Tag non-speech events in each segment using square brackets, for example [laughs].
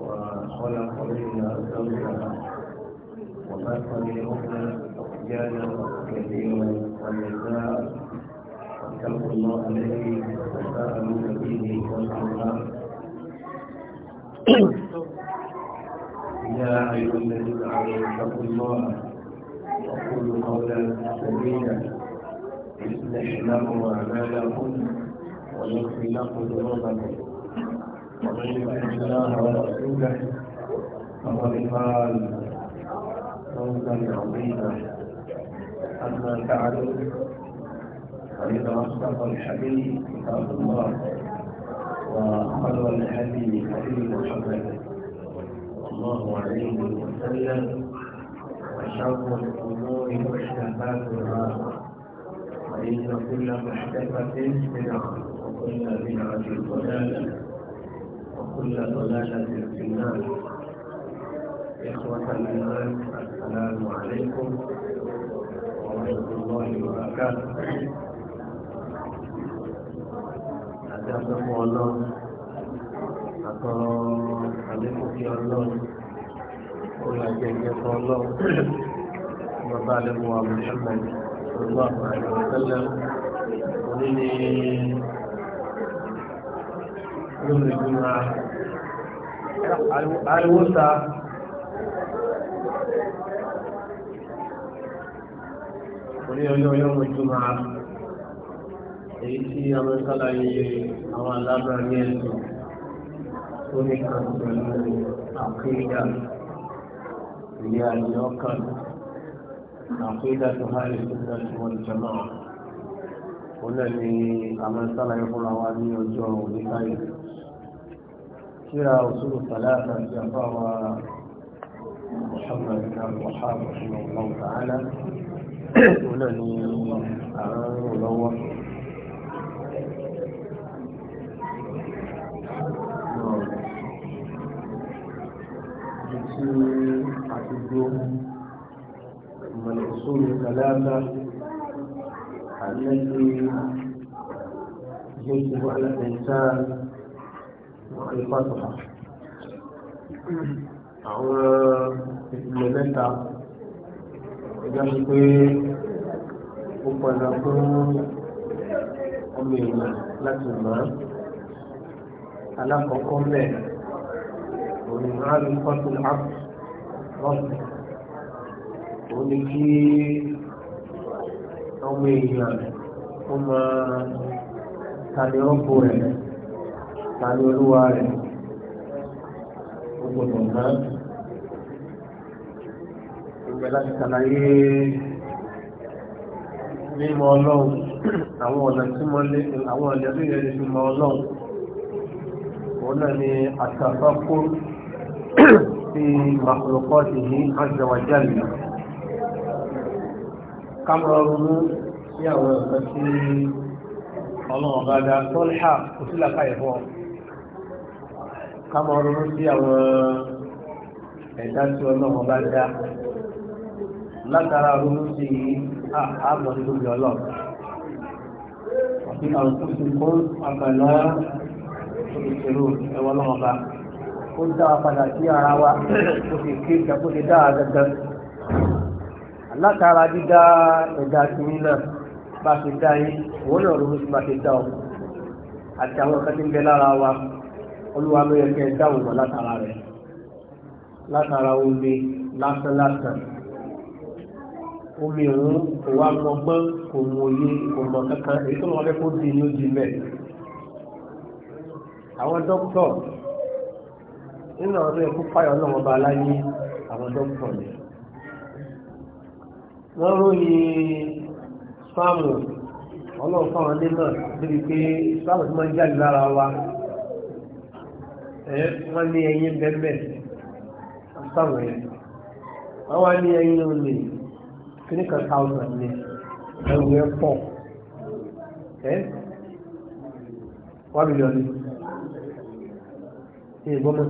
وخلق منها زوجها وبث منهما رجالا كثيرا ونساء واتقوا الله الذي تساءلون به والارحام يا ايها الذين امنوا اتقوا الله وقولوا قولا سديدا يصلح لكم اعمالكم ويغفر لكم ذنوبكم ومن يطع الله ورسوله فقد قال فوزا عظيما اما بعد فان اصدق الحديث كتاب الله وخير الهدي هدي محمد صلى الله عليه وسلم وشر الامور محدثاتها فان كل محدثه بدعه وكل بدعه ضلاله وكل ضلالة في النار إخوة الإيمان السلام عليكم ورحمة الله وبركاته أتابعكم الله أتابعكم عليكم الله ويعجبك الله وظالم محمد صلى الله عليه وسلم ونني lórí ìjọba ariwosa orí ọjọ́ yọmọ ìjọba èyí tí àwọn sálàyé àwọn alábàá ní ẹ̀sùn tó ní kan pẹ̀lú àkídà ìyá ìyọ́kàn àkídà tó hálì tó dájú wọn jama'a. Wọ́n náà ni àwọn sálàyé fúnra wa ní ọjọ́ orí báyìí. ترى أصول الثلاثة جفاوى محمد بن عبد الوهاب رحمه الله تعالى ولني أعان ولوى من الأصول الثلاثة التي يجب على الإنسان ìfàtùfà àwọn ìpìlẹ̀ mẹ́ta ẹgbẹ́ mi pé ó padà fún ọmọ èèyàn láti mọ̀ ọ́ alákọ̀ọ́kọ́ mẹ́ òní máa ń fọ́tún áàpù lọ́sùn òun kí ọmọ èèyàn ó máa tàbí ọ̀pọ̀ rẹ̀ ta ní olúwa rẹ̀ ó gbọdọ̀ náà gbogbo láti ṣàlàyé mímọ̀ ọlọ́run àwọn ọ̀nà tí mo lé àwọn ọ̀nà tí yẹn ti mọ̀ ọlọ́run òun náà ni àtàkọ́kọ́ sí màkùlùkọ́ sí ní àjẹwàjáde kámọ́rọ́rùnú sí àwọn ọ̀nà tí ọlọ́run bá dá tó kò sí làkàyẹ̀ fún ọ ká máa ronú sí àwọn ẹ̀dá tí ọlọ́run bá dá látara ronú sí àmọ́ tó bí ọlọ́run àti àwọn tó ti kó àgbàlá ìṣòro ẹwọ́ ọlọ́run bá ó dá wa padà sí ara wa ó sì ké ìjà kó lè dá a látara dídá ẹ̀dá tìmí náà bá ti dá yín òun náà ronú sí bá ti dá ọ àti àwọn kan ń bẹ lára wa olúwa ló yẹ kẹ́ ẹ dáhùn mọ́ látara rẹ̀ látara omi lásán lásán omi òun kò wá mọgbọ́n kò mọ oyé kò mọ kankan èyí tó lọ́wọ́ fẹ́ kó di ní ó di mẹ́ àwọn dókítọ̀ nínú ọdún ẹkú fáyọ̀ náà wọ́n bá láyé àwọn dókítọ̀ ni wọ́n ròyìn sáàmù ọlọ́run fáwọn dé náà débi pé sáàmù tí wọ́n ń jáde lára wa ẹ̀ wọ́n ní ẹyin bẹ́ẹ̀ sáwọn ẹ̀ wọ́n wá ní ẹyin olè kíní kan thousand ní ẹ̀rù ẹ̀ pọ̀ ẹ̀ wọ́n bìlíọ̀ ní ṣe ìbọn mọ́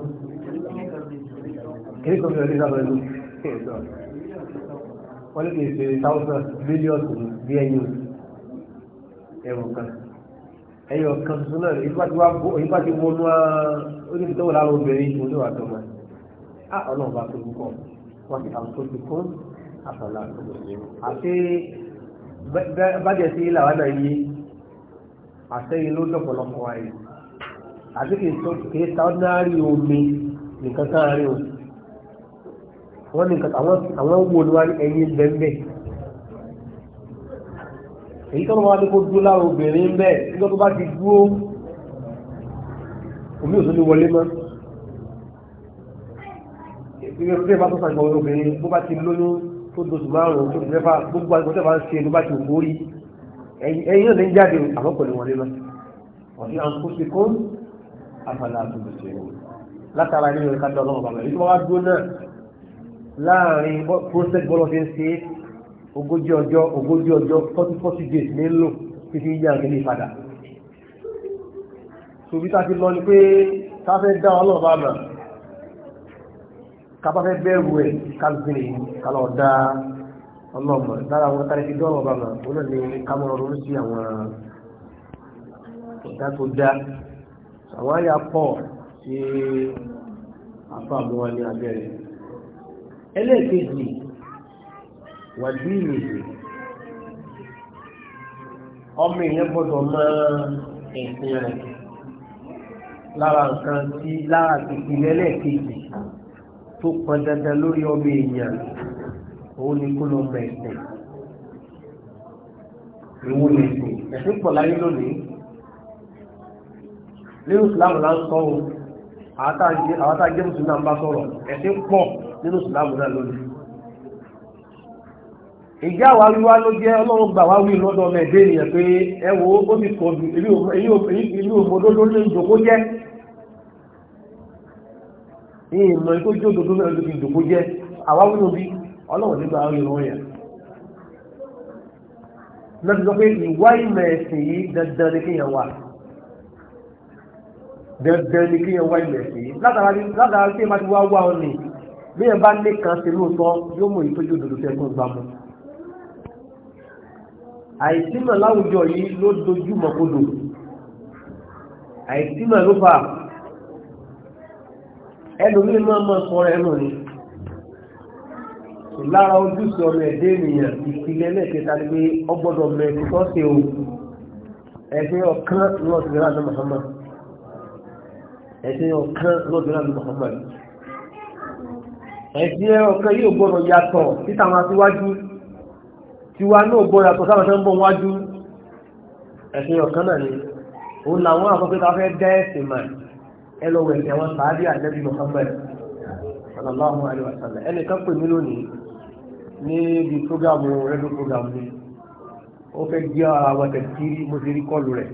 kíní kan bìlíọ̀ ní sáwọn ẹ̀rù wọ́n ní kì ṣe thousand billion bí ẹyin ẹ̀rù kan ẹyọ kan tuntun náà ìgbà tí wọ́n nú oníbi tó wà lára obìnrin oníwà tó mọ̀ á ọlọ́run bá tóbi kọ́ wọ́n ti àwọn tó ti kún àfọlá tó lò ní. àti bájẹ̀ sí làwọn náà yé àtẹ́yìn ló lọ́pọ̀lọpọ̀ ayé àti kì í ta ọ́dínárì omi nìkan káàárín o wọ́n ní àwọn wo ni wọ́n ẹyin bẹ́ẹ̀ bẹ́ẹ̀ èyí tó wọ́n wá ní kó dúró lára obìnrin ń bẹ́ẹ̀ nígbà tó bá ti dúró omi ò tó lè wọlé mọ́ ìgbẹ́ tó bá tó sàgbọ̀ obìnrin bó bá ti lóyún tó doṣù márùn-ún tó ti mẹ́fà gbogbo àgbọ̀ tó bá ń ṣe ló bá ti kó rí ẹ̀yìn náà ní jáde àmọ́ kò wọlé mọ́ ọ̀sẹ̀ à ń kó sí kó àfàlà àtúntò ṣe látara nínú ìka dọ́gbọ́n bàbá èyí tó bá wá náà láàrin process bọ́lọ́ fi ń ṣe é ogójì ọjọ́ ogójì ọjọ́ forty forty days ní lò fífi yíyá ìdílé padà tòbí tá a ti lọ ni pé ká fẹ́ dá ọlọ́run bá mà ká bá fẹ́ bẹ̀rù ẹ̀ ká ló fi lè ká lọ dá ọlọ́run mà lára àwọn tá a ti dá ọlọ́run bá mà òun náà ni ká mọ̀ ọ́n sí àwọn ọ̀dá tó dá àwọn àyà pọ̀ sí afọ àbúwá abẹ́rẹ́ ẹlẹ́ẹ̀kejì wàdí ìrètè ọmọ èèyàn gbọ́dọ̀ mọ ẹ̀sìn rẹ̀ lára nǹkan tí lára ìpìlẹ̀ lẹ́ẹ̀kejì tó pọn dandan lórí ọmọ èèyàn òun ni kó lọ mọ ẹ̀sìn ìwò lẹ́sìn ẹ̀sìn pọ̀ láyé lónìí nínú ìsìláàmù là ń sọ ohun àwọn tá a jẹ́ mùsùlùmí náà ń bá sọ̀rọ̀ ẹ̀sìn pọ̀ nínú ìsìláàmù náà lónìí ìjà wa wíwá ló jẹ́ ọlọ́run gbà wá wí lọ́dọ̀ ọmọ ẹ̀dẹ́ ènìyàn pé ẹ wo ó ti kọ̀ ju ìlú òmòdodo ní ìjòkó jẹ́ ìmọ̀ tó jó dodo náà ló fi ìjòkó jẹ́ àwa wínú bí ọlọ́run nígbà wá wí lọ́yà lọ́dún sọ pé ìwá ìmọ̀ ẹ̀sìn yìí dandan ni kéèyàn wà dandan ni kéèyàn wá ìmọ̀ ẹ̀sìn yìí látara tí ẹ máa ti wá wá ọ nì bí ẹ bá ní kan ṣe lóòótọ́ yóò mú ìtọ́jú òdodo àìsímọ̀ láwùjọ yìí ló dojú mọ̀kodò àìsímọ̀ ló fà ẹlòmí máa mọ́ sọ́rọ̀ ẹnu ni lára ojúṣe ọmọ ẹ̀dẹ́ ènìyàn ìpìlẹ̀ lẹ́ẹ̀kẹta ni pé ọgbọ́dọ̀ mẹ́rin tó ṣe o ẹ̀sìn ọ̀kan lọ́ọ̀dún láàrín Muhammad ẹ̀sìn ọ̀kan lọ́ọ̀dún láàrín Muhammad ẹ̀sìn ọ̀kan yóò gbọ́dọ̀ yàtọ̀ títà máa síwájú tiwa náà gbọ́ra tó sábà tó ń bọ̀ wájú ẹ̀sìn ọ̀kan náà ni òun làwọn àkọ́kọ́ tó fẹ́ dẹ́ ẹ̀sìn mà ẹ lọ wẹ̀ ẹ̀sìn àwọn sàádì àlẹ́bí Muhammad sallallahu alayhi wa sallam ẹnì kan pè mí lónìí níbi prógámù rẹ́dù prógámù ni ó fẹ́ gbé ara wa tẹ̀sí mo ti rí kọlù rẹ̀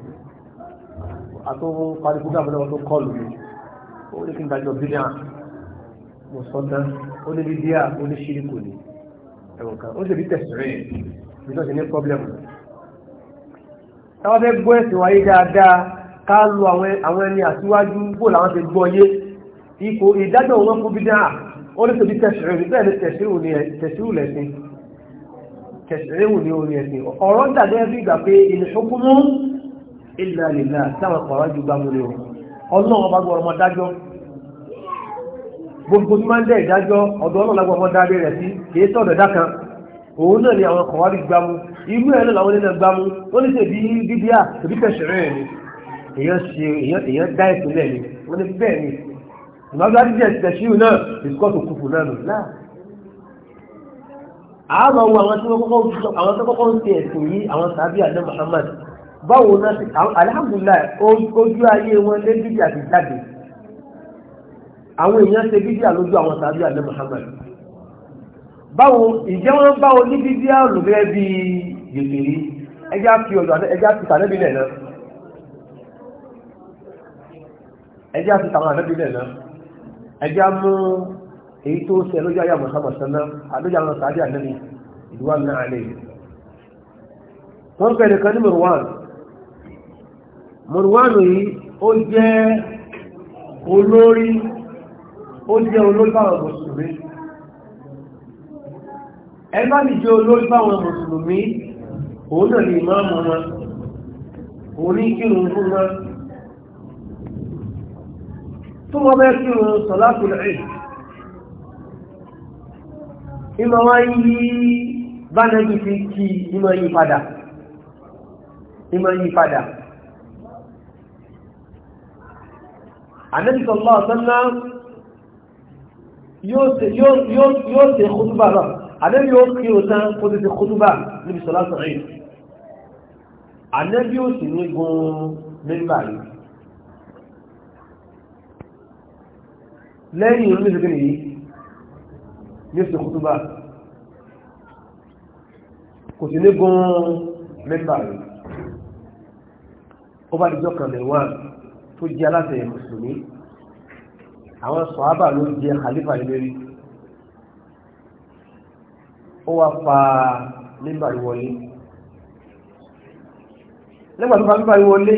àtúntò parí prógámù náà tó kọlù mi ó ní kí n dájọ́ bídíà mo sọ tán ó ní bídíà ó ní ṣírí kò ní ẹ̀wọ̀n kan ó sì rí tẹ̀sí rẹ̀ nítorí ní pọ́blẹ́mù táwọn fẹ́ gbọ́ ẹ̀sìn wáyé dáadáa ká lo àwọn ẹni àtiwájú bó làwọn ti gbọ́ yé ipò ìdájọ́ wọn kú bí dáa ó ní tóbi tẹ̀sírìwù bẹ́ẹ̀ ni tẹ̀sírìwù lẹ̀sìn tẹ̀sírìwù ni orin ẹ̀sìn ọ̀rọ̀ ń dàgbẹ́ bí ìgbà pé ìlẹ̀ṣọ́kúnmú ìlà lìlà táwọn ọ̀rọ̀ ju gbàmù ni ọlọ́run ọba gbọ́ ọmọ dájọ́ gbogbo tí máa ń dẹ́ ìdájọ́ ọ̀dọ́ ọlọ́run ọba ọmọ dájọ́ rẹ̀ sí kì í tọ̀dọ̀ dá kan òun náà ni àwọn kọ̀wárí gbámú inú ẹ̀ náà làwọn nínú gbámú wọ́n ní sèbí bíbíà tòbí kẹsìrẹ́ ẹ̀ ni èèyàn ṣe èèyàn dá ètò náà ni wọ́n ní bẹ́ẹ̀ ni ìmọ̀gbá dídí ẹ̀sìn tẹ̀síù náà ìsúkọ́ tó kúkú náà nù náà. àmọ́ wo àwọn tó kọ́kọ́ ń ṣe ẹ̀sìn yìí àwọn sàbí àdé Muhammad báwo náà ti alhamdulillah ojú ayé wọn lé bíbíà ti jáde àwọn èèyàn ṣe bíbíà lójú àwọn sàbí àdé Muhammad báwo ìjẹ́ wọn ní bíbí àlùbẹ́ bí gbèsè rí ẹjá fi ọ̀dọ̀ ẹjá fi tànẹ́bí lẹ̀ náà ẹjá fi tàwọn lẹ̀ náà ẹjá mú èyí tó ṣe lójú ayé àmọ̀sánmọ̀sán náà àlójú àwọn sàájú ànẹ́bí ìlú náà alẹ́ wọ́n bẹ̀rẹ̀ kan ní mùrùwán mùrùwán yìí ó jẹ́ olórí ó jẹ́ olórí ẹgbá mi jẹ́ olórí báwọn mùsùlùmí òun náà ni ìmáàmù wọn òun ní kírun fún wọn tó wọ́n bẹ́ kírun sọ̀látù rẹ̀ ìmọ̀ wọn yí bánẹ́bí ti kí ìmọ̀ yí padà ìmọ̀ yí padà ànẹ́bí ọ̀sán náà yóò ṣe kútúbà náà ànẹ́bí ó kí o tán kó tètè kútúbà níbi sọlá sọ̀rọ̀ yìí ànẹ́bí ó sì ní gun mẹ́mbà yìí lẹ́yìn ìlú ìṣẹ́gbẹ́ nìyí ní ṣe kútúbà kò sí ní gun mẹ́mbà yìí ó bá dìjọ́ kan lè tó jẹ́ aláṣẹ mùsùlùmí àwọn sọ̀hábà ló jẹ́ khalifa lórí ó wá fa nígbà ìwọlé nígbà tó fa nígbà ìwọlé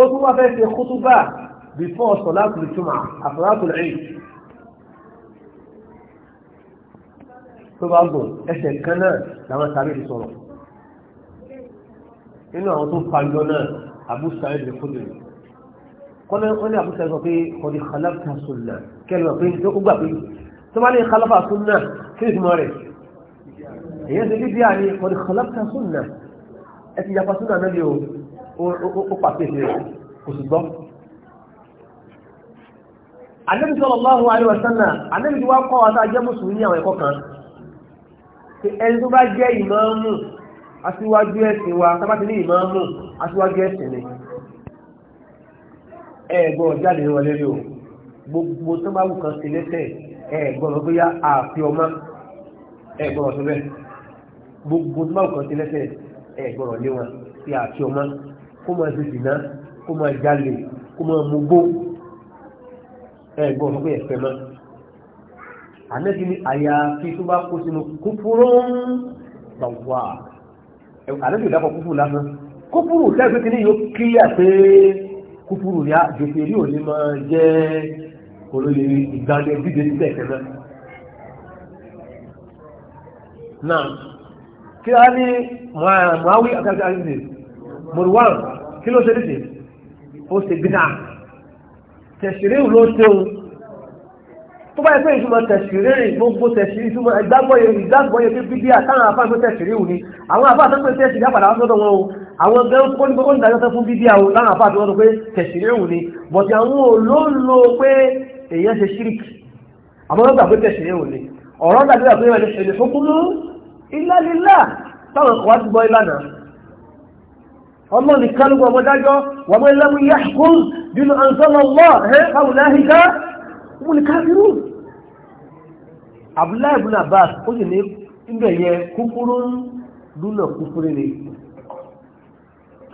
ó tún wá fẹ́ ṣe kútúbà before sọ̀látù ìtumà àfọ̀látù ìrìn tó bá gùn ẹsẹ̀ kan náà làwọn sáré ti sọ̀rọ̀ nínú àwọn tó fàájọ náà Abu Sa'id al-Khudri kọ́lẹ́ wọ́n ní Abu Sa'id sọ pé kọ́ni khalaqta sunna kẹ́lẹ́ wọ́n pé ó gbà pé tó bá ní khalafa súnà kí ni ìtumọ̀ rẹ̀ èyàn ṣe bíbí àní ọdún khalafa súnà ẹ ti yapa súnà náà yóò ó pàṣẹ rẹ̀ kò sì gbọ́. Ànábì sallallahu alaihi wa sallam Ànábì tí wá kọ́ wa tá a jẹ́ mùsùlùmí ní àwọn ẹ̀kọ́ kan ẹni tó bá jẹ́ ìmáàmù aṣíwájú ẹ̀sìn wa tá ti ní ìmáàmù aṣíwájú ẹ̀sìn ni ẹ̀gbọ́n jáde wọlé rí o gbogbo tó bá wù kan sí lẹ́sẹ̀ ẹ̀gbọ́n tó yá àfi ọmọ ẹ̀gbọ́n tó bẹ́ẹ̀ gbogbo tó bá nǹkan ti lẹ́sẹ̀ ẹ̀gbọ́n lé wọn ti àfi ọmọ kó máa ṣe dìná kó máa jalè kó máa mugbó ẹ̀gbọ́n tó bẹ́ẹ̀ fẹ́ mọ́ ànẹ́sí ni àyàfi tó bá kó sínú kúfúrú gbàgbà ànẹ́sí ìdákọ̀ kúfúrú lásán kúfúrú lẹ́gbẹ̀ẹ́ kí ni yóò kíyà pé kúfúrú ni àjòkè rí òní máa jẹ́ kò ló lè rí ìgbani ẹgbíde ní tẹ̀kẹ́ náà. náà kí á ní muawi akẹ́kẹ́ àgbèsè murwan kí ló ṣe dìde ó ṣe gbìdá tẹ̀sírí ló ṣe o tó bá yẹ pé ìtumọ̀ tẹ̀sírí gbogbo tẹ̀sírí ìtumọ̀ ìgbàgbọ́yẹ ìgbàgbọ́yẹ pé bíbí àtàwọn afáà pé tẹ̀sírí wù ni àwọn afáà tó pé tẹ̀sírí àpàdà wọn sọ́dọ̀ wọn o àwọn gan kó ní gbogbo ìdájọ́ fún bíbí àwọn láwọn afáà tó wọ́n sọ pé tẹ̀sírí wù ni bọ̀tí àwọn olóòlò pé èèyàn ṣe ṣíríkì àmọ́ wọ́n gbàgbé tẹ̀sí yẹn ò ní ọ̀rọ̀ dàgbéra pé wọ́n ṣe lè fúnkúmú illa lillah táwọn ọkọ̀ wá ti bọ́ ìlànà ọmọ nìkan ló gbọmọ dájọ́ wọ́n mọ ilé wíyá kún nínú anzọ́lọ́lọ́ ẹ̀ káwọn láhìká wọ́n ní káfírù Abdullahi ibn Abbas ó sì ní ibẹ̀ yẹn kúkúrú lúnà kúkúrú ni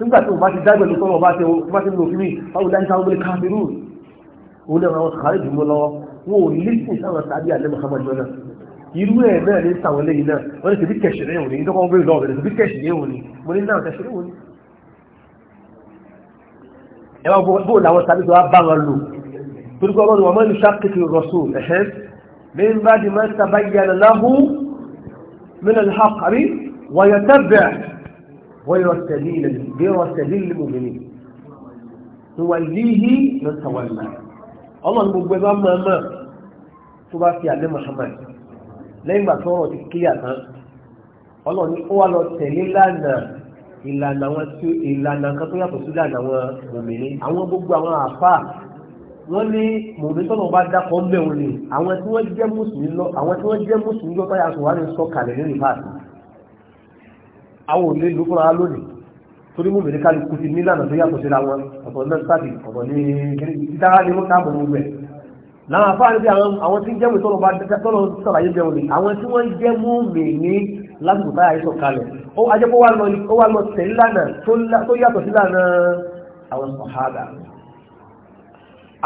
nígbà tí wọ́n bá ti dágbẹ̀ lókọ́ bá ti lò fún mi báwo dájú àwọn káfírù ولما خارجهم الله هو للفوس أنا سعدي أعلم خمس جنة يروي ما ننسى ولا هنا ولا تبيك كشريوني إذا قام بيه لابد تبيك كشريوني ولا نام كشريوني يا بو بو لو سعدي سواء بعمرلو تقول الله وما نشاق في الرسول أحب من بعد ما تبين له من الحق أبي ويتبع ويرسلين ويرسلين المؤمنين توليه من تولى ọlọ́run gbogbo ẹ bá mọ̀ ọ́ mọ̀ tó bá fi àlẹ́ Muhammad lẹ́yìn ìgbà tó ọ̀rọ̀ ti kílíà tán ọlọ́run ó wá lọ tẹ̀lé lánàá ìlànà àwọn tí ìlànà kan tó yàtọ̀ sí lánàá àwọn mòmìnir àwọn gbogbo àwọn àfà wọ́n ní mòmìnir tọ́nà bá dákọ̀ ń bẹ̀ wọn ni àwọn tí wọ́n jẹ́ mùsùlùmí lọ àwọn tí wọ́n jẹ́ mùsùlùmí lọ táyà sọ̀rọ̀ wá ní sọ nínú ìfàsì àwọn ò lè lò lónìí torí mú mèrè kálukú ti nílànà tó yàtọ̀ síra wọn ọ̀tọ̀ lẹ́sítàdì ọ̀tọ̀ ní ìdára ni wọ́n káàbọ̀ gbogbo ẹ̀ láwọn afáàrí bí àwọn tí ń jẹ́mú tọ́lọ̀ bá tọ́lọ̀ sàlàyé bẹ̀rù ni àwọn tí wọ́n jẹ́mú mèrè lásìkò táyà yìí sọ̀kalẹ̀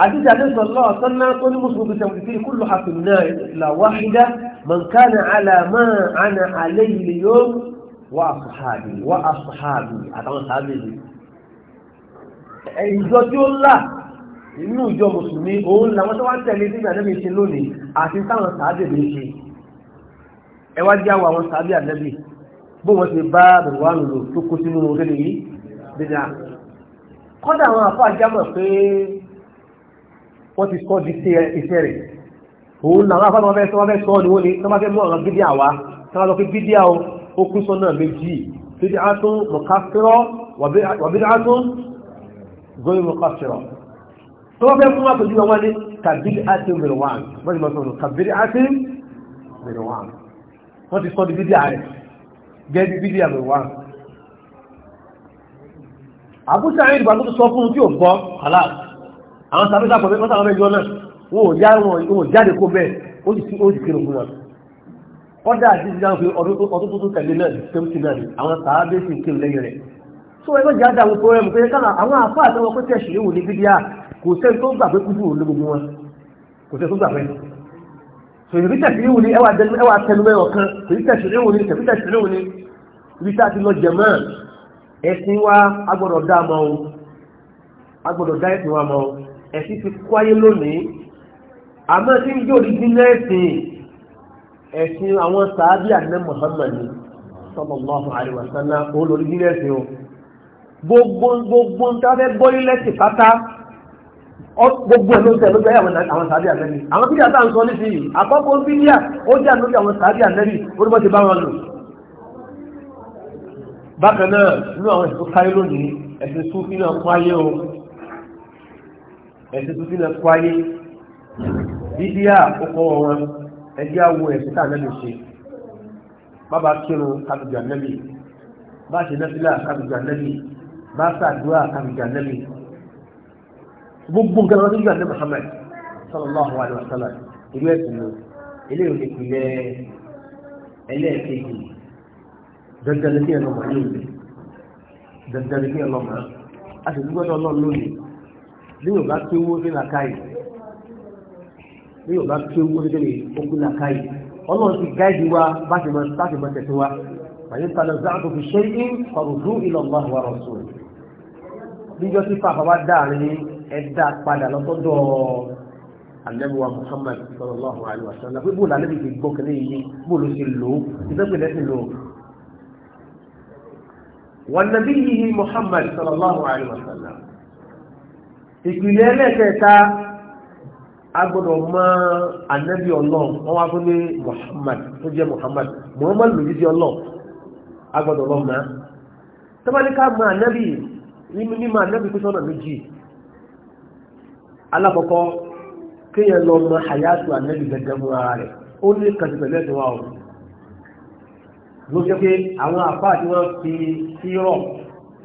الله عليه وسلم كل مسلم بتوحيده كل حق النار إلا واحدة من كان على ما أنا عليه اليوم wá àfùhàbì wá àfùhàbì àtàwọn sàábì mi ìjọ tí ó là inú ìjọ mùsùlùmí òun làwọn tó wá ń tẹ̀lé sí ìgbàdẹ́bí ṣe lónìí àti táwọn sàábì mi ṣe ẹ wá jẹ́ àwọn àwọn sàábì àdẹ́bì bó wọ́n ti bá bẹ̀rẹ̀ wà lò tó kó sínú orílẹ̀ yìí dídá kọ́dà àwọn àfọ́ àjámọ̀ pé wọ́n ti sọ́ di iṣẹ́ rẹ̀ òun làwọn afọ́ àwọn fẹ́ sọ́ ni wọ́n ni tó bá fẹ́ mú ọ̀rọ̀ bídíà wá tó bá lọ fi bídíà o ó kú sọ́nà méjì bídí átún mọ̀kásírọ̀ wàbídí átún gọ́yìn mọ̀kásírọ̀ tó wọ́n fẹ́ fún wa pẹ̀lú ọmọdé kàbídí àti mìíràn wọ́n ti mọ̀ sọ̀rọ̀ kàbídí àti mìíràn wọ́n ti sọ́ di bídí ààrẹ gẹ́gẹ́ bídí àmìíràn àbúṣe àyè ìbàdó tó sọ fún un tí ò gbọ́ aláà àwọn sàbẹ́sà pọ̀ mẹ́ta àwọn náà wọn ò jáde kó bẹ́ẹ̀ ó sì kí ó sì kọ́dà àti ìdáhùn pé ọdún tó tó tẹ̀lé náà tẹ́mtì náà ni àwọn sàábé sì ń kí lẹ́yìn rẹ̀ tó ẹgbẹ́ jáde àwọn pọ́ẹ́mù pé káà àwọn àfá àtọwọ́ pé tẹ̀sí ìwò ní bídíà kò sẹ́ni tó gbà pé kúrú ló gbogbo wọn kò sẹ́ni tó gbà pé tò ìbí tẹ̀sí ìwò ni ẹwà tẹnu mẹ́wọ̀ kan tò ìbí tẹ̀sí ìwò ni tẹ̀sí tẹ̀sí ìwò ni ibi tá a ti lọ jẹ̀mọ́ ẹ̀sìn wa agbọ́dọ̀ dá mọ́ o agbọ́dọ̀ dá ẹ̀sìn wa mọ́ o ẹ̀sìn ti kó ayé lónìí àmọ́ tí ń jó ẹ̀sìn àwọn sàábì àná Muhammad sallallahu alaihi wasallam olórí nílẹ̀ ẹ̀sìn o gbogbo gbogbo ń tafẹ́ gbọ́ nílẹ̀ sí pátá gbogbo ẹ̀ló tẹ̀ ló jẹ́ àwọn sàábì ànẹ́bì àwọn bídíà tá à ń sọ ní fìyì àkọ́kọ́ bídíà ó jẹ́ ànẹ́bì àwọn sàábì ànẹ́bì orúkọ ti bá wọn lò bákan náà nínú àwọn ẹ̀sìn tó káyé lónìí ẹ̀sìn súfì náà kó o ẹ̀sìn súfì náà kó ayé ẹjẹ́ awo ẹ̀sìn tá ànábì ṣe bàbá kírun kábíjà ànábì bá ṣe nẹ́fílà kábíjà ànábì bá ṣàdúrà kábíjà ànábì gbogbo nǹkan lọ́wọ́ síjú ànábì Muhammad sallallahu alayhi wa sallam irú ẹ̀sìn lọ eléyìí ní ìpìlẹ̀ ẹlẹ́ẹ̀kejì dandan ní kí ẹ lọ mọ̀ ní ìlú dandan ní kí ẹ sì dúpẹ́ lọ́ọ́ lónìí bí yóò bá kéwó sí làkàyè bí yóò bá kí ó kúrò nílé okùn làkàyè ọlọ́run ti gáìdì wa bá ti máa sáfì máa tẹ̀sí wa àyè ń tanà záàtò fi ṣe é ọ̀rùndún ilẹ̀ ọ̀gbọ́n wa rọ̀ sùn. níjọ́ tí fàfà bá dáàrin ẹ̀dá padà lọ́sọ́dọ̀ alẹ́bùwa Muhammad sallallahu alayhi wa sallam pé bóòlù alẹ́bù ti gbọ́ kẹ́lẹ́ yìí bóòlù ti lò ó ìfẹ́pẹ́ lẹ́sìn lò ó. wọn nàbí yìí Muhammad sallallahu alayhi wa sallam ìpìlẹ̀ ẹlẹ́kẹ̀ẹ́ta agbọ́dọ̀ mọ̀ anabi Ọlọ́run wọn wá fún ní Muhammad tó jẹ Muhammad Muhammad lòdì sí Ọlọ́run agbọ́dọ̀ lọ mọ̀ tọ́balíkà mọ̀ anabi nínú mímọ̀ anabi pé sọ́nà méjì alákọ̀ọ́kọ́ kéèyàn lọ mọ̀ àyàtò anabi gẹ́gẹ́ mú ara rẹ̀ ó ní kàtí pẹ̀lú ẹ̀sìn wa ọ̀run ló jẹ́ pé àwọn àpá tí wọ́n fi sírọ̀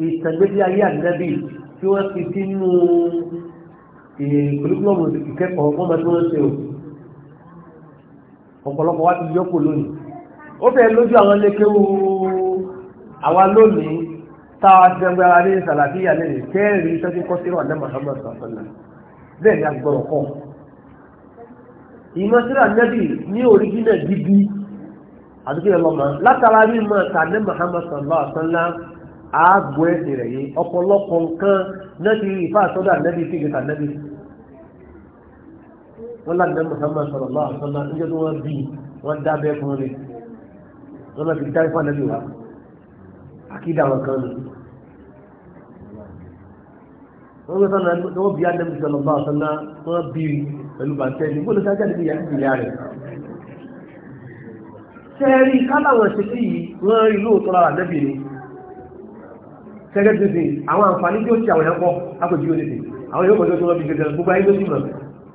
ìtẹ̀gbẹ́sí ayé anabi tí wọ́n fi sínú ìkòlùkùlọ́mù ìkẹ́kọ̀ọ́ wọ́n máa tí wọ́n ṣe o ọ̀pọ̀lọpọ̀ wá ti yọ́pò lónìí ó fẹ́ lójú àwọn lékéwú àwa lónìí táwa dẹ́gbẹ́ ara ní sàlàfíà lẹ́yìn kẹ́rì sẹ́kí kọ́sírọ̀ àdé Muhammad sàfẹ́lá bẹ́ẹ̀ ni agbọ̀rọ̀ kọ́ ìmọ̀ síra nẹ́bì ní orígínà gidi àdúgbò ọlọ́mọ látara mímọ̀ tàdé Muhammad sàfẹ́lá àgbọ̀ ẹ̀sìn rẹ̀ yìí ọ̀pọ̀lọpọ̀ nǹkan náà ti rí ìfà àsọ́dọ̀ àdébì sí ìgbésà àdébì sí wọ́n láti lẹ́nu Muhammad sallallahu alaihi wasallam níjẹ́ tó wọ́n bí wọ́n dábẹ́ fún rẹ̀ wọ́n lọ fi dá ifá lẹ́nu wa àkídà wọn kan ni. wọ́n lọ sọ́nà tó wọ́n bí Ànábì sallallahu alaihi wasallam tó wọ́n bí pẹ̀lú bàtẹ́ ní bóòlù sájà níbi yàtí ìyá rẹ̀. sẹ́ẹ̀rì káláwọn ṣe sí yìí wọ́n rí lóòótọ́ lára lẹ́bì ni sẹ́gẹ́ tuntun àwọn àǹfààní tí ó ti àwọn ẹ̀kọ́ àpèjì òdìdì àwọn yóò kọjọ́ tó wọ́n bí gẹ́gẹ́ gbogbo ayé ló sì mọ̀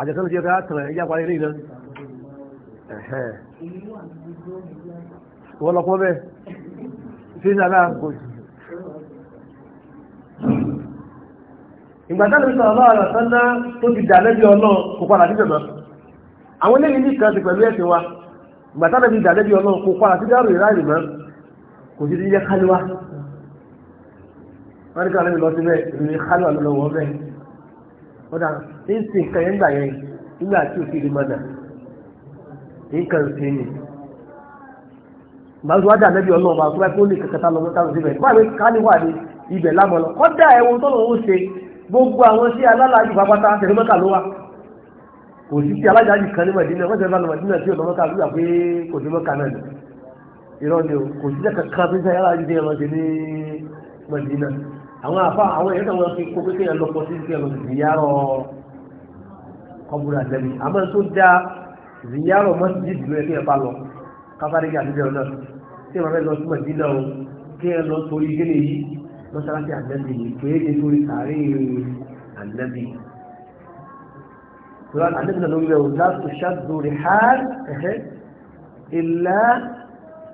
àjẹsán ti ọ̀gá tàn ẹ̀yà parí ilé náà wọ́n lọ́pọ̀ bẹ́ẹ̀ sí sára kò sí ìgbàtà lórí sọ̀rọ̀ lọ́wọ́ sọ́nà tó ti dà lẹ́bí ọlọ́run kò padà sí jọ̀mọ́ àwọn eléyìí nìkan ti pẹ̀lú ẹ̀sìn wa ìgbàtà lórí dà lẹ́bí ọlọ́run kò padà sí dárò ìrá ìrìnà ọ̀dà ń ṣe nǹkan yẹn gbà yẹn nígbà tí ò fi rí mọ́dà nǹkan ṣe ni gbàgbọ́ wájà nẹ́bí ọlọ́run bá kó lè kẹkẹta lọ mọ́tà ká ní wà ní ibẹ̀ lọ ẹ̀wọ̀n tó lọ́wọ́ ṣe gbogbo àwọn sí alálàájú pápátá tẹ̀lé mọ́tà ló wà kò sí sí alájájú kan ní mọ̀dínà wọ́n tẹ̀lé mọ̀dínà tí ọ̀nà pé kò sí o kò sí tó ń sẹ́ àwọn àfa àwọn èèyàn tàwọn fi kó pé kéèyàn lọ pọ̀ sí kéèyàn lọ ziyarọ kọbúrò àtẹ́bí àmọ́ tó dá ziyarọ masjid ló yẹ kéèyàn bá lọ káfáríkì àtijọ́ náà tí wọ́n fẹ́ lọ sí mọ̀jìnà o kéèyàn lọ torí gẹ́lẹ̀ yìí mọ́sálásí àtẹ́bí yìí kéèké torí sàárè àtẹ́bí قرآن عندنا نقول لا تشد رحال إلا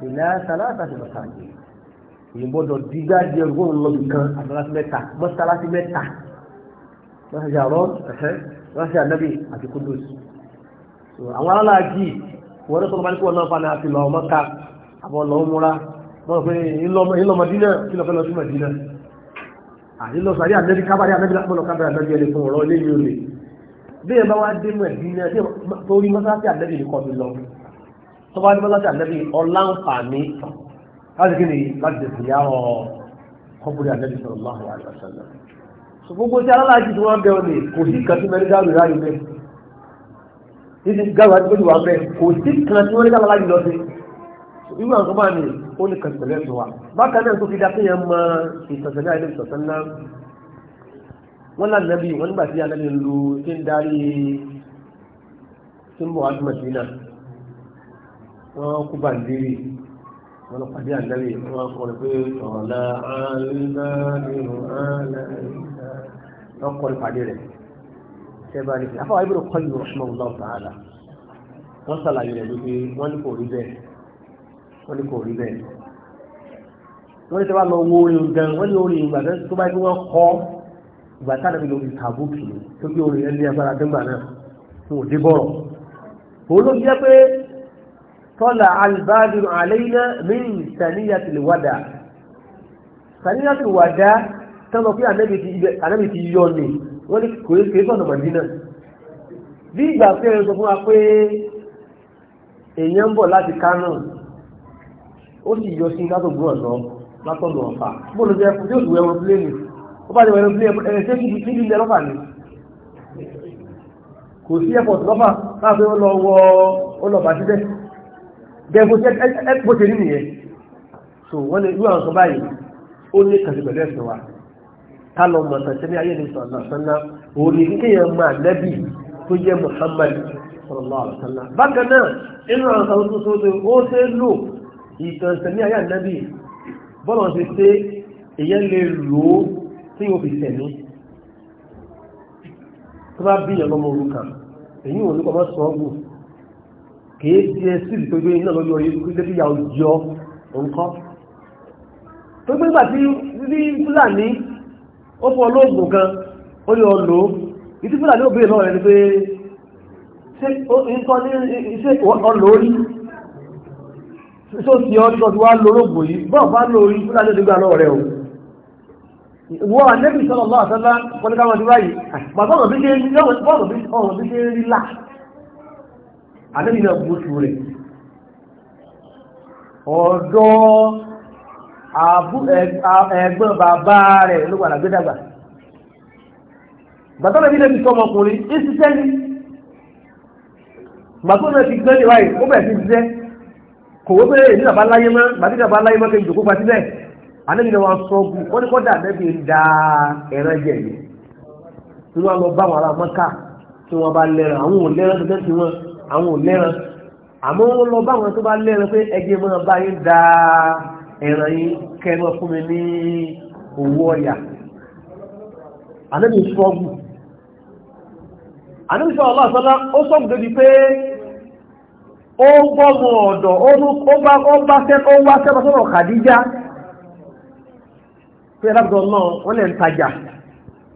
إلى ثلاثة مساجد ìgbọ́dọ̀ dígá di ọgbọ́n lọ́bì kan àtàlásí mẹ́ta mọ́sálásí mẹ́ta mọ́sálásí àrọ́ ẹ̀hẹ́ mọ́sálásí ànábì àti kudus àwọn aláàjì wọ́n rẹ́pọ̀ bá ní kí wọ́n náà fani àti lọ́wọ́ mọ́ka àbọ̀ lọ́wọ́ múra wọ́n pé ìlọ́mọdínà kí lọ́fẹ́ lọ sí mọ̀dínà àdínlọ́ sàrí ànábì kábàrí ànábì lápọ̀lọ́ kábàrí ànábì ẹni fún ọ̀rọ̀ eléyìí olè bí ẹ bá wá dé mọ̀dínà torí mọ́sálásí ànábì nìkan mi láti kí ni láti tẹ̀sí yá ọ kọ́kùnrin àti ẹ̀dùn sọ̀rọ̀ máa wà ní ọ̀sán so gbogbo tí aláàjì tí wọ́n bẹ̀ ọ́ ni kò sí kan tí mẹ́rin dáàbò ráyè bẹ́ẹ̀ títí gáàbù àti gbẹ́dùwà bẹ́ẹ̀ kò sí kan tí wọ́n rí dáàbò ráyè lọ sí irú àwọn ọmọ ni ó ní kàtẹ̀lẹ́ tó wa bákan náà tó fi dá kéèyàn mọ ìtọ̀sẹ̀lẹ́ àìlè ìtọ̀sẹ̀ ńlá wọn láti nàbí wọn lu tí ń darí tí ń bọ̀ wá sí wọn pàdé àgbẹ̀rẹ̀ wọn kọrin pé ọ̀la àlùmáàlù àlà wọn kọrin pàdé rẹ̀ ṣẹba ní afọ àìbúrò kọ́ ìlú ọ̀ṣun ọ̀la ọ̀tàlá wọn sàlàyé rẹ̀ wípé wọn ní kò rí bẹ́ẹ̀ wọn ní kò rí bẹ́ẹ̀ wọn ní sẹ́wà lọ wo orin gan wọn ní orin ìgbà tó bá yẹ kí wọ́n طلع البادر علينا من ثانية الوداع ثانية الوداع tọ́lọ pé ànábì ti yọ ní wọ́n ní kò yẹ́ sọ́nà mọ̀dínà bí ìgbà pé ẹ̀rọ sọ fún wa pé èèyàn ń bọ̀ láti kánà ó sì yọ sí látò gbọ́ ọ̀nà látọ̀nà ọ̀fà bó ṣe rí nìyẹn so wọ́n lè irú àwọn kan báyìí ó ní kàṣí pẹ̀lú ẹ̀sìn wa ká lọ mọ̀ sàṣẹ́ ní ayé ní sọ̀rọ̀ sọ́nà òun ni kéèyàn máa nẹ́bì tó jẹ́ Muhammad sallallahu alaihi wasallam bákan náà inú àwọn kan tó tó tó ó ṣe lò ìtàn sẹ̀mí ayé ànábì bọ́lọ̀ ṣe ṣe èèyàn lè lò ó tí yóò fi sẹ̀mí tó bá bí ìyàn lọ́mọ orúkà èyí ò kìí ti ẹ sí ìtòjú iná lórí ọyẹ kí lè fi yà ọjọ́ nǹkan tó gbé gbà tí rí fúlàní ó fún ọlọ́ọ̀gùn kan ó ní ọlọ́ ìtí fúlàní ó béèrè lọ́wọ́ rẹ̀ ni pé ṣé nǹkan ní iṣẹ́ ọlọ́ rí tó ti ọ́ tó ti wá lórógbò yìí bọ́ọ̀ bá lórí fúlàní òdìgbà lọ́wọ́ rẹ̀ o wọ́n anẹ́bí sọ́lọ́ lọ́wọ́ àtọ́lá pọ́nkáwọn ti báyìí bàbá ọ̀rọ̀ bí ṣe rí là àdẹ́bì náà gbóṣù rẹ̀ ọ̀dọ́ ẹ̀gbọ́n bàbá rẹ̀ ló wà lágbẹ́dàgbà bàtọ́lẹ̀ nílẹ̀ ti sọmọkùnrin ní ṣiṣẹ́ ní gbàtọ́lẹ̀ ti gbẹ́ níwáyé ó bẹ̀ẹ̀ sí ṣiṣẹ́ kò wó bẹ́ẹ̀ ní bàbá láyé mọ́ bàtí bàbá láyé mọ́ kí n jòkó pa sílẹ̀ àdẹ́bì náà wọn sọ bù wọ́n ní kọ́dà àdẹ́bì ń da ẹ̀rẹ́ jẹ̀ yìí tí wọ́n lọ bá wọn ará mọ́ká tí wọ́n bá lẹ́ràn àwọn ò lẹ́ràn tó tẹ́ àwọn ò lẹ́ran àmọ́ wọ́n lọ bá àwọn tó bá lẹ́ran pé ẹgbẹ́ mọ́ bá yín da ẹran yín kẹ́mọ́ fún mi ní owó ọ̀yà ànábì sọ́ọ̀gù ànábì sọ́ọ̀ ọlọ́ àsọ́lá ó sọ́ọ̀gù débi pé ó gbọ́mọ ọ̀dọ̀ ó bá sẹ́kọ̀ọ́ sọ́rọ̀ kàdíjá pé alábùdọ̀ náà wọ́n lè ń tajà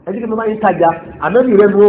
ẹjíkẹ́ mọ́ bá yín tajà ànábì rẹ̀ mú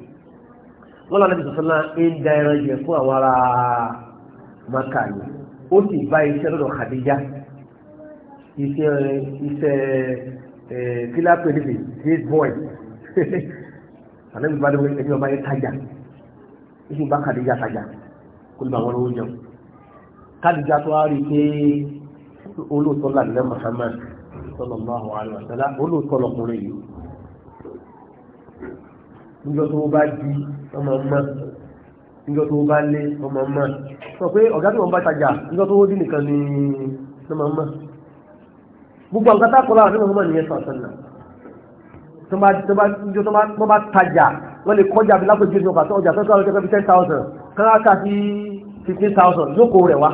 wọ́n lọ́nà bí sọ̀sọ́lá ń da ẹran jẹ fún àwọn ará maka yìí ó sì bá iṣẹ́ lọ́dọ̀ Khadija iṣẹ́ iṣẹ́ kílápẹ̀ níbi great boy ànábi balẹ̀ wọ́n ẹni ọba yẹn tajà iṣẹ́ bá Khadija tajà kó lè bá wọn lọ́wọ́ jẹun Khadija tó wá rí i pé olóòótọ́ làdínlẹ́ Muhammad sallallahu alaihi wasallam olóòótọ́ lọkùnrin yìí níjọ́ tó bá di ọmọ mọ níjọ́ tó bá lé ọmọ mọ sọ pé ọ̀gá tí wọ́n bá tajà níjọ́ tó dín nìkan ni ọmọ mọ gbogbo àwọn kátà kọlá àwọn ọmọ nìyẹn sọ àtàn náà tó bá tó bá níjọ́ tó bá tajà wọ́n lè kọjá bí lápò jíjìn ọkà tó ọjà tó kọ́ ọjọ́ ten thousand káráká sí fifteen thousand lóko rẹ̀ wá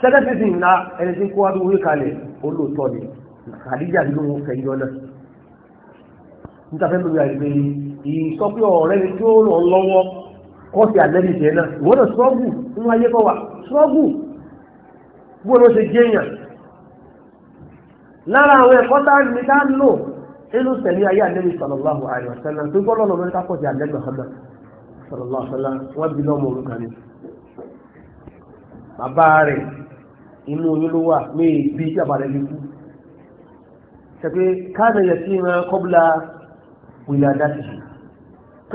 second season na ẹni tí kó wá bí wúrí kalẹ̀ olóòótọ́ ni àdíjà nínú fẹ̀yọ́ náà nítafẹ́ lórí àìpé ìsọ pé ọ̀rẹ́ ni tí ó ràn lọ́wọ́ kọ́sì àlẹ́bí ìṣẹ́ náà ìwọ́n náà ṣọ́ọ̀gù nínú ayé kọ́ wa ṣọ́ọ̀gù bó ló ṣe jẹ́yàn lára àwọn ẹ̀kọ́ tá ní dá inú sẹ̀mí ayé àlẹ́bí sallallahu alaihi wasallam tó gbọ́dọ̀ lọ́mọ nípa kọ́sì àlẹ́bí Muhammad alaihi wasallam wọ́n bí ni bàbá rẹ̀ inú oyún ló wà mí bí tí àbàrẹ̀ lè kú ṣe wiladatihi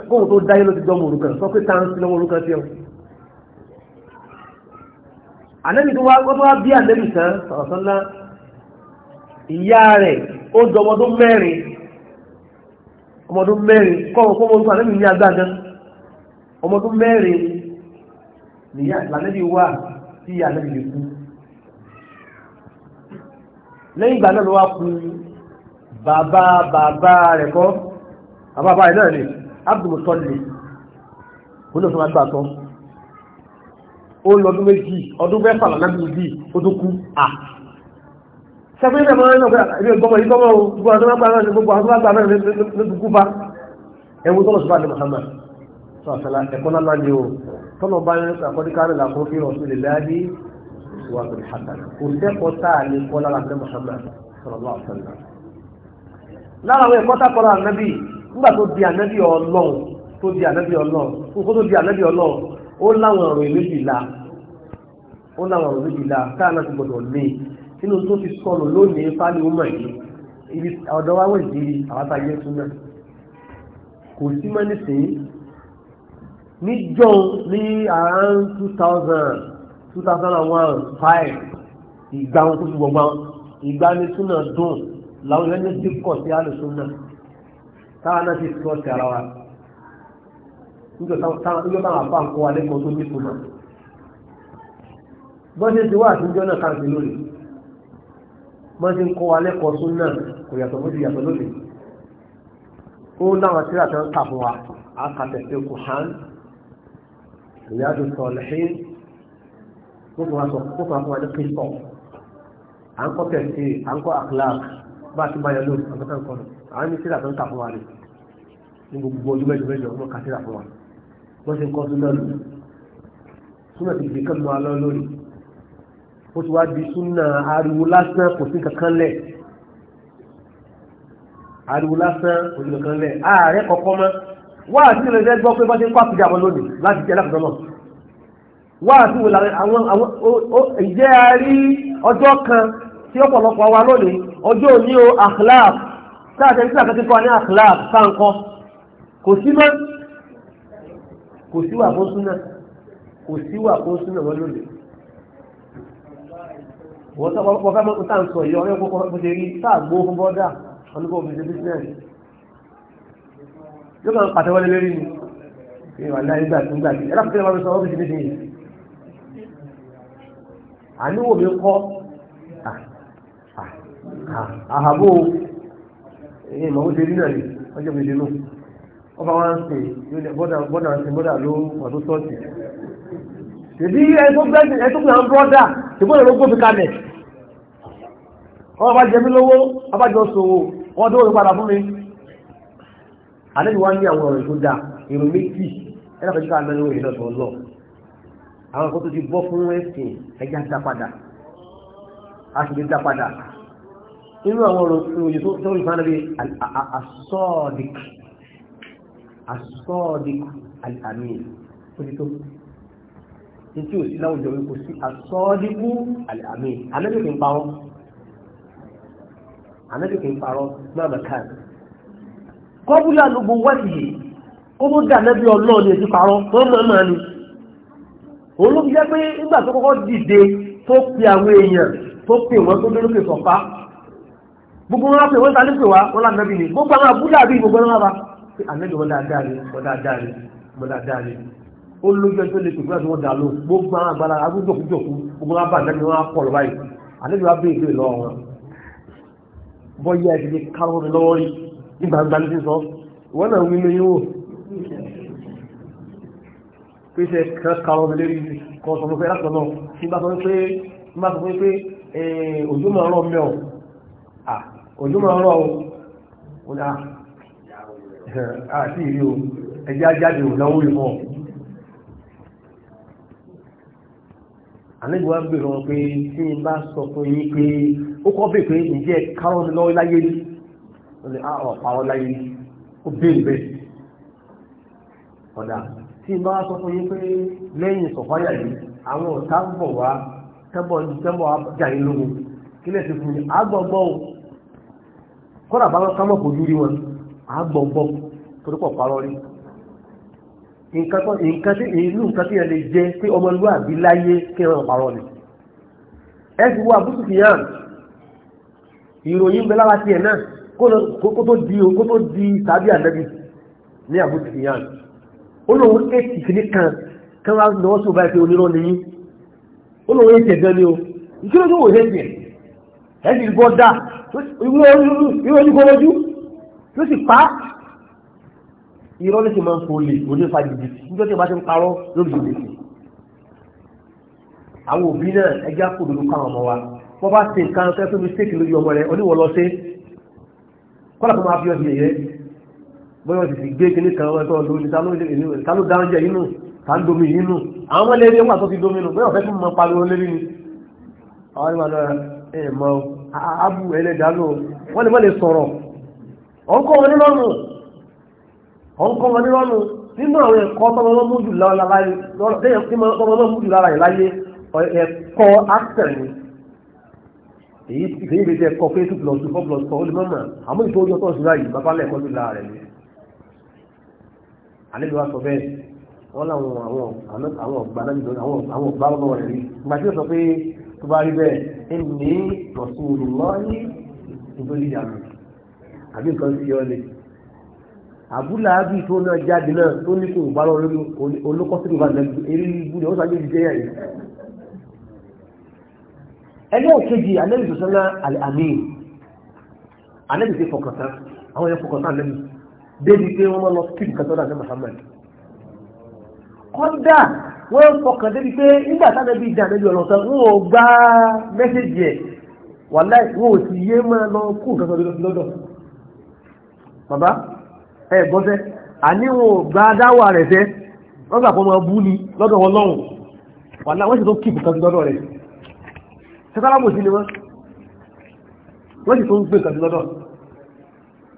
kóhùn tó dáyé ló ti gbọ́ mòrùkà sọ pé tá à ń sin ọmọ orúkọ sí ọ. ànẹ́bì tó wá wọ́n tó wá bí ànẹ́bì tán sọ̀rọ̀sán ná ìyá rẹ̀ ó jọ ọmọdún mẹ́rin ọmọdún mẹ́rin kọ́wọ́n kó mọ́rúkọ ànẹ́bì ní agbága ọmọdún mẹ́rin nìyá lànẹ́bì wà sí ànẹ́bì lè kú lẹ́yìn ìgbà náà ló wá kú bàbá bàbá rẹ̀ kọ́ àbábá ẹ̀ náà ni abdulmutọ́lẹ̀ kúlò fún agbá tán ó lọ́dún méjì ọdún mẹ́fà lọ́dún méjì ó tó kú à sẹ́fún ìdàmọ́ ẹ̀rọ ìgbọ́mọ̀ ìgbọ́mọ̀ ìgbọ́mọ̀ gbogbo àwọn àgbà náà gbogbo àwọn àgbà náà ló kú bá ẹ̀wọ̀n tọ́lọ̀ sọ́bà ní Muhammad sọ́ọ̀sọ́lá ẹ̀kọ́ lálá ni o tọ́lọ̀ bá ń àkọ́díkà rẹ̀ làkún fi rọ̀ sílẹ̀ láàbí ìwà tó hàtà kò sẹ́kọ̀ọ́ tá a lè kọ́ lára ní Muhammad sọ̀rọ̀ lọ́wọ́ sọ́lá lára àwọn ẹ̀kọ́ tá nígbà tó di ànábì ọlọ́run tó di ànábì ọlọ́run kókó tó di ànábì ọlọ́run ó láwọn ọ̀rọ̀ méjìlá ó láwọn ọ̀rọ̀ méjìlá káàná ti gbọdọ̀ lé nínú tó ti sọnù lónìí fáli ọmọ yìí ibi ọ̀dọ́ wa wẹ̀ dìrì àwọn tá a yẹ súnmọ́ kò sí mọ́ nísìnyí níjọ́ ní around two thousand five ìgbà wọn tó fi gbọ̀ngbọ̀n ìgbà ní súnà dùn làwọn ẹni tí kọ̀ sí àlùsùn náà táwọn náà ti sọ ti ara wa níjọ táwọn àpá ń kọ wa lẹ́kọ̀ọ́ tó ní kùnà bọ́sẹ̀ ti wá àtijọ́ náà káàkiri lónìí bọ́sẹ̀ ń kọ́ wa lẹ́kọ̀ọ́ sún náà kò yàtọ̀ bó ti yàtọ̀ lónìí ó láwọn tíra tó ń kà fún wa akàtẹ̀fẹ́ kò hàn ìyáàdù sọ̀lẹ̀hìn ó fún wa sọ ó fún wa fún wa ní kíkọ́ à ń kọ́ tẹ̀sí à ń kọ́ àkìláàkì bá a ti bá yẹn lónìí àbúkà ń kọ́ lónìí àwọn ní sílà tó ń tà fún wa ni ní gbogbo ọjọ́ mẹ́jọ mẹ́jọ wọn kà sílà fún wa wọ́n ti ń kọ́ súnmọ́ lù súnmọ́ ti gbé kánú alọ́ lórí ó ti wá di súnmọ́ ariwo lásán kò sí kankan lẹ̀ ariwo lásán kò sí kankan lẹ̀ ààrẹ kọ̀ọ̀kan mọ́ wá àti ìlú ẹgbẹ́ gbọ́ pé bá ti ń kọ́ àpèjà wọn lónìí láti jẹ́ láti dánmọ̀ wá àti ìwòlà àwọn àwọn ìjẹ́ àárí ọjọ́ kan tí ọ̀pọ̀lọpọ̀ wa lónìí ọjọ́ òní o akhlaq táàtẹ̀ nígbà kan kíkọ́ ní àkìláàb sáǹkọ́ kò sí mọ́ kò sí wà fún súnà kò sí wà fún súnà wọn lónìí wọ́n sọ wọ́n fẹ́ mọ́tò táà ń sọ yìí ọ̀rẹ́ kókó bó ṣe rí táà gbó fún bọ́dà wọn kó fi ṣe bísíǹsì yóò kàn pàtẹ́wọ́ lé lérí ni ṣé wà láyé gbà tó ń gbà bí ẹ lápapọ̀ máa fi sọ wọ́n fi ṣe bísíǹsì àníwò mi kọ́ ah, ah, ah, àhàbò èyí ìmọ̀ ó ṣe rí náà ni wọ́n jẹ́ méje náà ọba wa ń pè bọ́dà ń pè bọ́dà ló wà tó sọ́ọ̀tì èdè ẹ̀tọ́gbẹ̀ àwọn bọ́dà ìbọ̀dà ló gbóbi kalẹ̀ ọba jẹ mí lówó abájọ sòwò wọn tó rí padà fún mi alẹ́ ìwà ní àwọn ọ̀rọ̀ tó dáa èrò méjì ẹ̀rọ kẹjọ àmì ẹ̀rọ ìlọ tó lọ àwọn kan tó ti bọ́ fún ẹ̀sìn ẹja dá padà a sì lè dá padà nínú àwọn òròyìn tó rí fánàbí asọ́ọ̀dìk asọ́ọ̀dìk al'amin òtítọ́ ní tí ò sí láwùjọ wípò sí asọ́ọ̀dìkú al'amin anẹ́bìkì ń parọ́ anẹ́bìkì ń parọ́ máa mẹ́kàn kọ́bùlà lóbo wáṣìí ó mú dà nẹ́bí ọlọ́ọ̀ni èsì parọ́ mọ́mọ́mọ́ ni òun ló fi jẹ́ pé nígbà tó kọ́kọ́ dìde tó pe àwọn èèyàn tó pe wọ́n tó dé lókè sọ̀pá gbogbo wọn pè wọ́n tàbí pè wá wọ́n lànàbí ni gbogbo àwọn àbúdà àbí gbogbo wọn bá pé ànẹ́bí wọn dáadáa ni wọn dáadáa ni wọn dáadáa ni ó lójú ẹjọ́ lè pè fúláṣí wọn dà ló gbogbo àwọn àgbàlá agbójòkújòkú gbogbo wọn bá ànẹ́bí wọn pọ̀ lọ́wọ́ yìí ànẹ́bí wọn béèrè béèrè lọ́wọ́ wọn bọ́yá ẹ̀sìn ní káwọn mi lọ́wọ́ rí ní gbangba ní sísọ wọn náà wí lóyún wò pé ṣe kàn káwọn mi lérí kan sọ pé látọ̀ náà nígbà tó ń pé òjò òjò máa rọ̀ ó dá àti ìrí o ẹjẹ́ ajáde ò ìmọ̀ wọn pé tí n bá sọ fún pé ó kọ́ bèrè pé ǹjẹ́ lọ láyé rí ó lè ah, láyé rí ó bẹ́ẹ̀ ọ̀dà tí n bá sọ fún pé lẹ́yìn sọ̀fáyà yìí àwọn ọ̀tá bọ̀ wá tẹ́bọ̀ kí lẹ́sìn fún kọ́nà bá wọn kámọ̀ fojú rí wọn àgbọ̀ngbọ̀ torí parọ́ rí ya ìlú nǹkan tí ẹ lè jẹ pé ọmọlúwàbí láyé kí parọ́ ni ẹ ti wọ àbúkù fi hàn ìròyìn bẹ lára tiẹ̀ náà kó tó di di tàbí ànábì ní àbúkù fi hàn ó lóun éèkì kan kan wá lọ́wọ́ sí ọba ẹ̀fẹ́ onírọ́ ni o ìkíni eji ìwé ojúkọwọ́jú ló sì pa irọ́ ló sì máa ń folè onífa jìbìtì níjọ́ tí ìbá ti ń parọ́ lórí jìbìtì àwọn òbí náà ẹjẹ́ àpòdòdó káwọn ọmọ wa wọ́n bá ṣe nǹkan fẹ́ fún mistake lórí ọmọ rẹ̀ oníwọ̀ lọ sí kọ́lá tó máa fi ọdún yẹ̀yẹ́ bọ́yọ̀ sì gbé kíní kan ọmọ ẹ̀tọ́ lórí ta ló dáhùn jẹ inú ta ń domi inú àwọn ọmọ lẹ́rí ẹ̀wà tó ti domi inú bọ́yọ̀ fẹ́ fún mọ́ pariwo lérí ni àwọn ìmọ̀ náà ẹ̀ mọ́ àbú ẹlẹ́dàánù wọ́n lè mọ́ lè sọ̀rọ̀ ọ̀nkọ́ wọn nílọ́nù ọ̀nkọ́ wọn nílọ́nù nínú àwọn ẹ̀kọ́ tọmọmọ́mú jù lára ẹ̀ láyé ẹ̀kọ́ áṣẹ̀lú èyí ti fi ìrètí ẹ̀kọ́ pé two plus two four plus four ó lè mọ́mọ́ àmú ìtò ojú ọ̀tọ̀ ìṣúra yìí bàbá lẹ́ẹ̀kọ́ jù lára rẹ̀ ni àlejò wa sọ bẹ́ẹ̀ wọ́n láwọn àwọn ọ̀gbà náà àwọn ọ̀gbà ọmọ rẹ̀ rí ìgbà tí ó sọ pé tó bá rí bẹ́ẹ̀ ẹni tọ̀sùn olùlọ́yìn ìgbélé ìyàwó àbí nǹkan ti yọ ọ́ lé àbúlà ábí tó náà jáde náà tó ní kò bá lọ olókọ́sílẹ̀ bá lẹ́nu eré ibú ni ó sáré ìdíje yà yìí ẹgbẹ́ kejì anẹ́bí tó sọ́nà àmì anẹ́bí tó fọkàntán àwọn yẹn fọkàntán anẹ́bí débi pé wọ́n lọ sí ìkàtọ́ náà ní Muhammad kọ́dà wọ́n fọkàn débi pé nígbà sáré bíi dàn débi ọ̀nà sàn wọ́n ò gbá mẹ́sẹ̀gì ẹ̀ wàláì wọ́n ò sì yé máa lọ kú nǹkan sọ̀rọ̀ lọ́dọ̀ bàbá ẹ gbọ́sẹ̀ àní wọn ò gbá dáwà rẹ̀ sẹ́ wọ́n gbà pọ́ máa bú ni lọ́dọ̀ wọn lọ́hùn wàláì wọ́n sì tó kíkù kan lọ́dọ̀ rẹ̀ sẹ́sálámù sí ni wọ́n wọ́n sì tó ń gbé kan lọ́dọ̀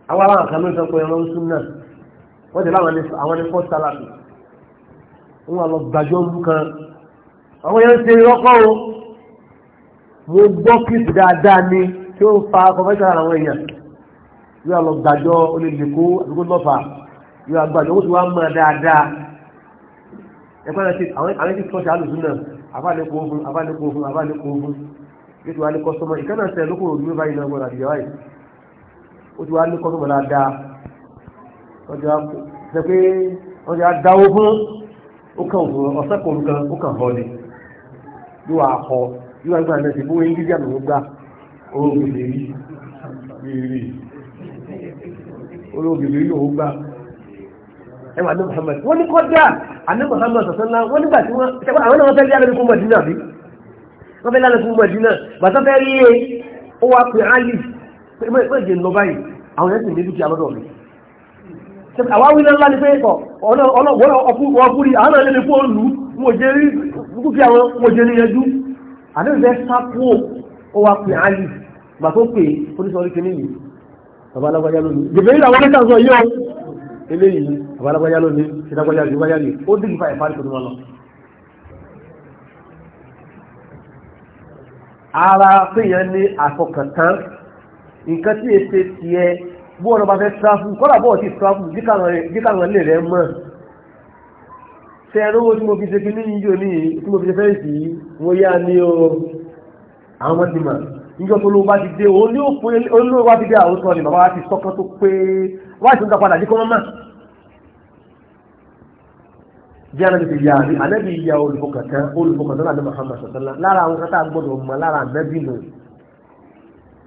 àwọn aláǹkan ló ń sọ pé ẹran ń sún náà wọ́n ti láwọn ní fọ́ sálàmù wọ́n wà lọ gbàjọ́ ń kan àwọn yẹn ń ṣe rọ́pọ̀ o mo gbọ́ kíìsì dáadáa ni tí ó fa kọfẹ́sà àwọn èèyàn yóò lọ gbàjọ́ olèlèkó àdúgbò lọ́fà yóò gbàjọ́ ó ti wá mọ̀ dáadáa ẹ̀kọ́ náà ti àwọn ti sọ́ọ̀ṣì àlùsùn náà abálẹ́kọ̀ọ́ fún abálẹ́kọ̀ọ́ fún abálẹ́kọ̀ọ́ fún yóò ti wá ní kọ́sọ́mọ̀ ìkànnà sẹ́ẹ̀ lókòrò ní báyìí náà wọ́n ti ó kàn fún ọ̀sẹ̀ kan orúkọ ó kàn họ ni yóò wá họ yóò wá gbà náà ti bó wọ́n ń gíga ló gbà olóògùn lè rí rí olóògùn lè rí òun gbà ẹwà ní Muhammad wọ́n ní kọ́dá àní Muhammad sọ̀sánlá wọ́n nígbà tí wọ́n tẹ́gbà àwọn náà fẹ́ rí alẹ́ fún Madina bí wọ́n fẹ́ lálẹ́ fún e, a lọ́dọ̀ àwáwí lọ́lá ní pé ẹ̀kọ́ ọ̀púrí àwọn ẹlẹ́lẹ́ fún olú mọ̀jẹ́rí kúkú àwọn mọ̀jẹ́rí ẹjú àdébẹ̀ sápò ó wá pè áyì bà tó pè oníṣọ́rí kìíní yìí babalágbájá lónìí jẹ̀bẹ̀ ìlà wọn kẹta sọ yíò eléyìí babalágbájá lónìí ṣẹdágbájá lónìí bájá lónìí ó dìgbì fàyẹ̀ fárí kòtùmọ́ lọ ara péyàn ní àfọkàntán nǹkan tí èsè tiẹ̀ bó ọ̀nà bá fẹ́ tráfù kọ́lá bọ́ọ̀ sí tráfù díkàwọn lè rẹ mọ́ ṣe ẹ̀rọ owó tí mo fi ṣe fi ní yíyọ ní tí mo fi ṣe fẹ́ǹsì yìí mo yá ní o àwọn ọmọ ti mà níjọ́ tó lówó bá ti dé òun ní òpó olówó bá ti dé àwọn sọ̀rọ̀ ni bàbá wa ti sọ́kàn tó pé wá ìṣòro ta padà díkọ́ mọ́mọ́ bí anabi ti yá anabi yá olùfọkàntán olùfọkàntán láti Muhammad sọ̀tàn lára àwọn kátà gbọ́dọ̀ mọ́ lára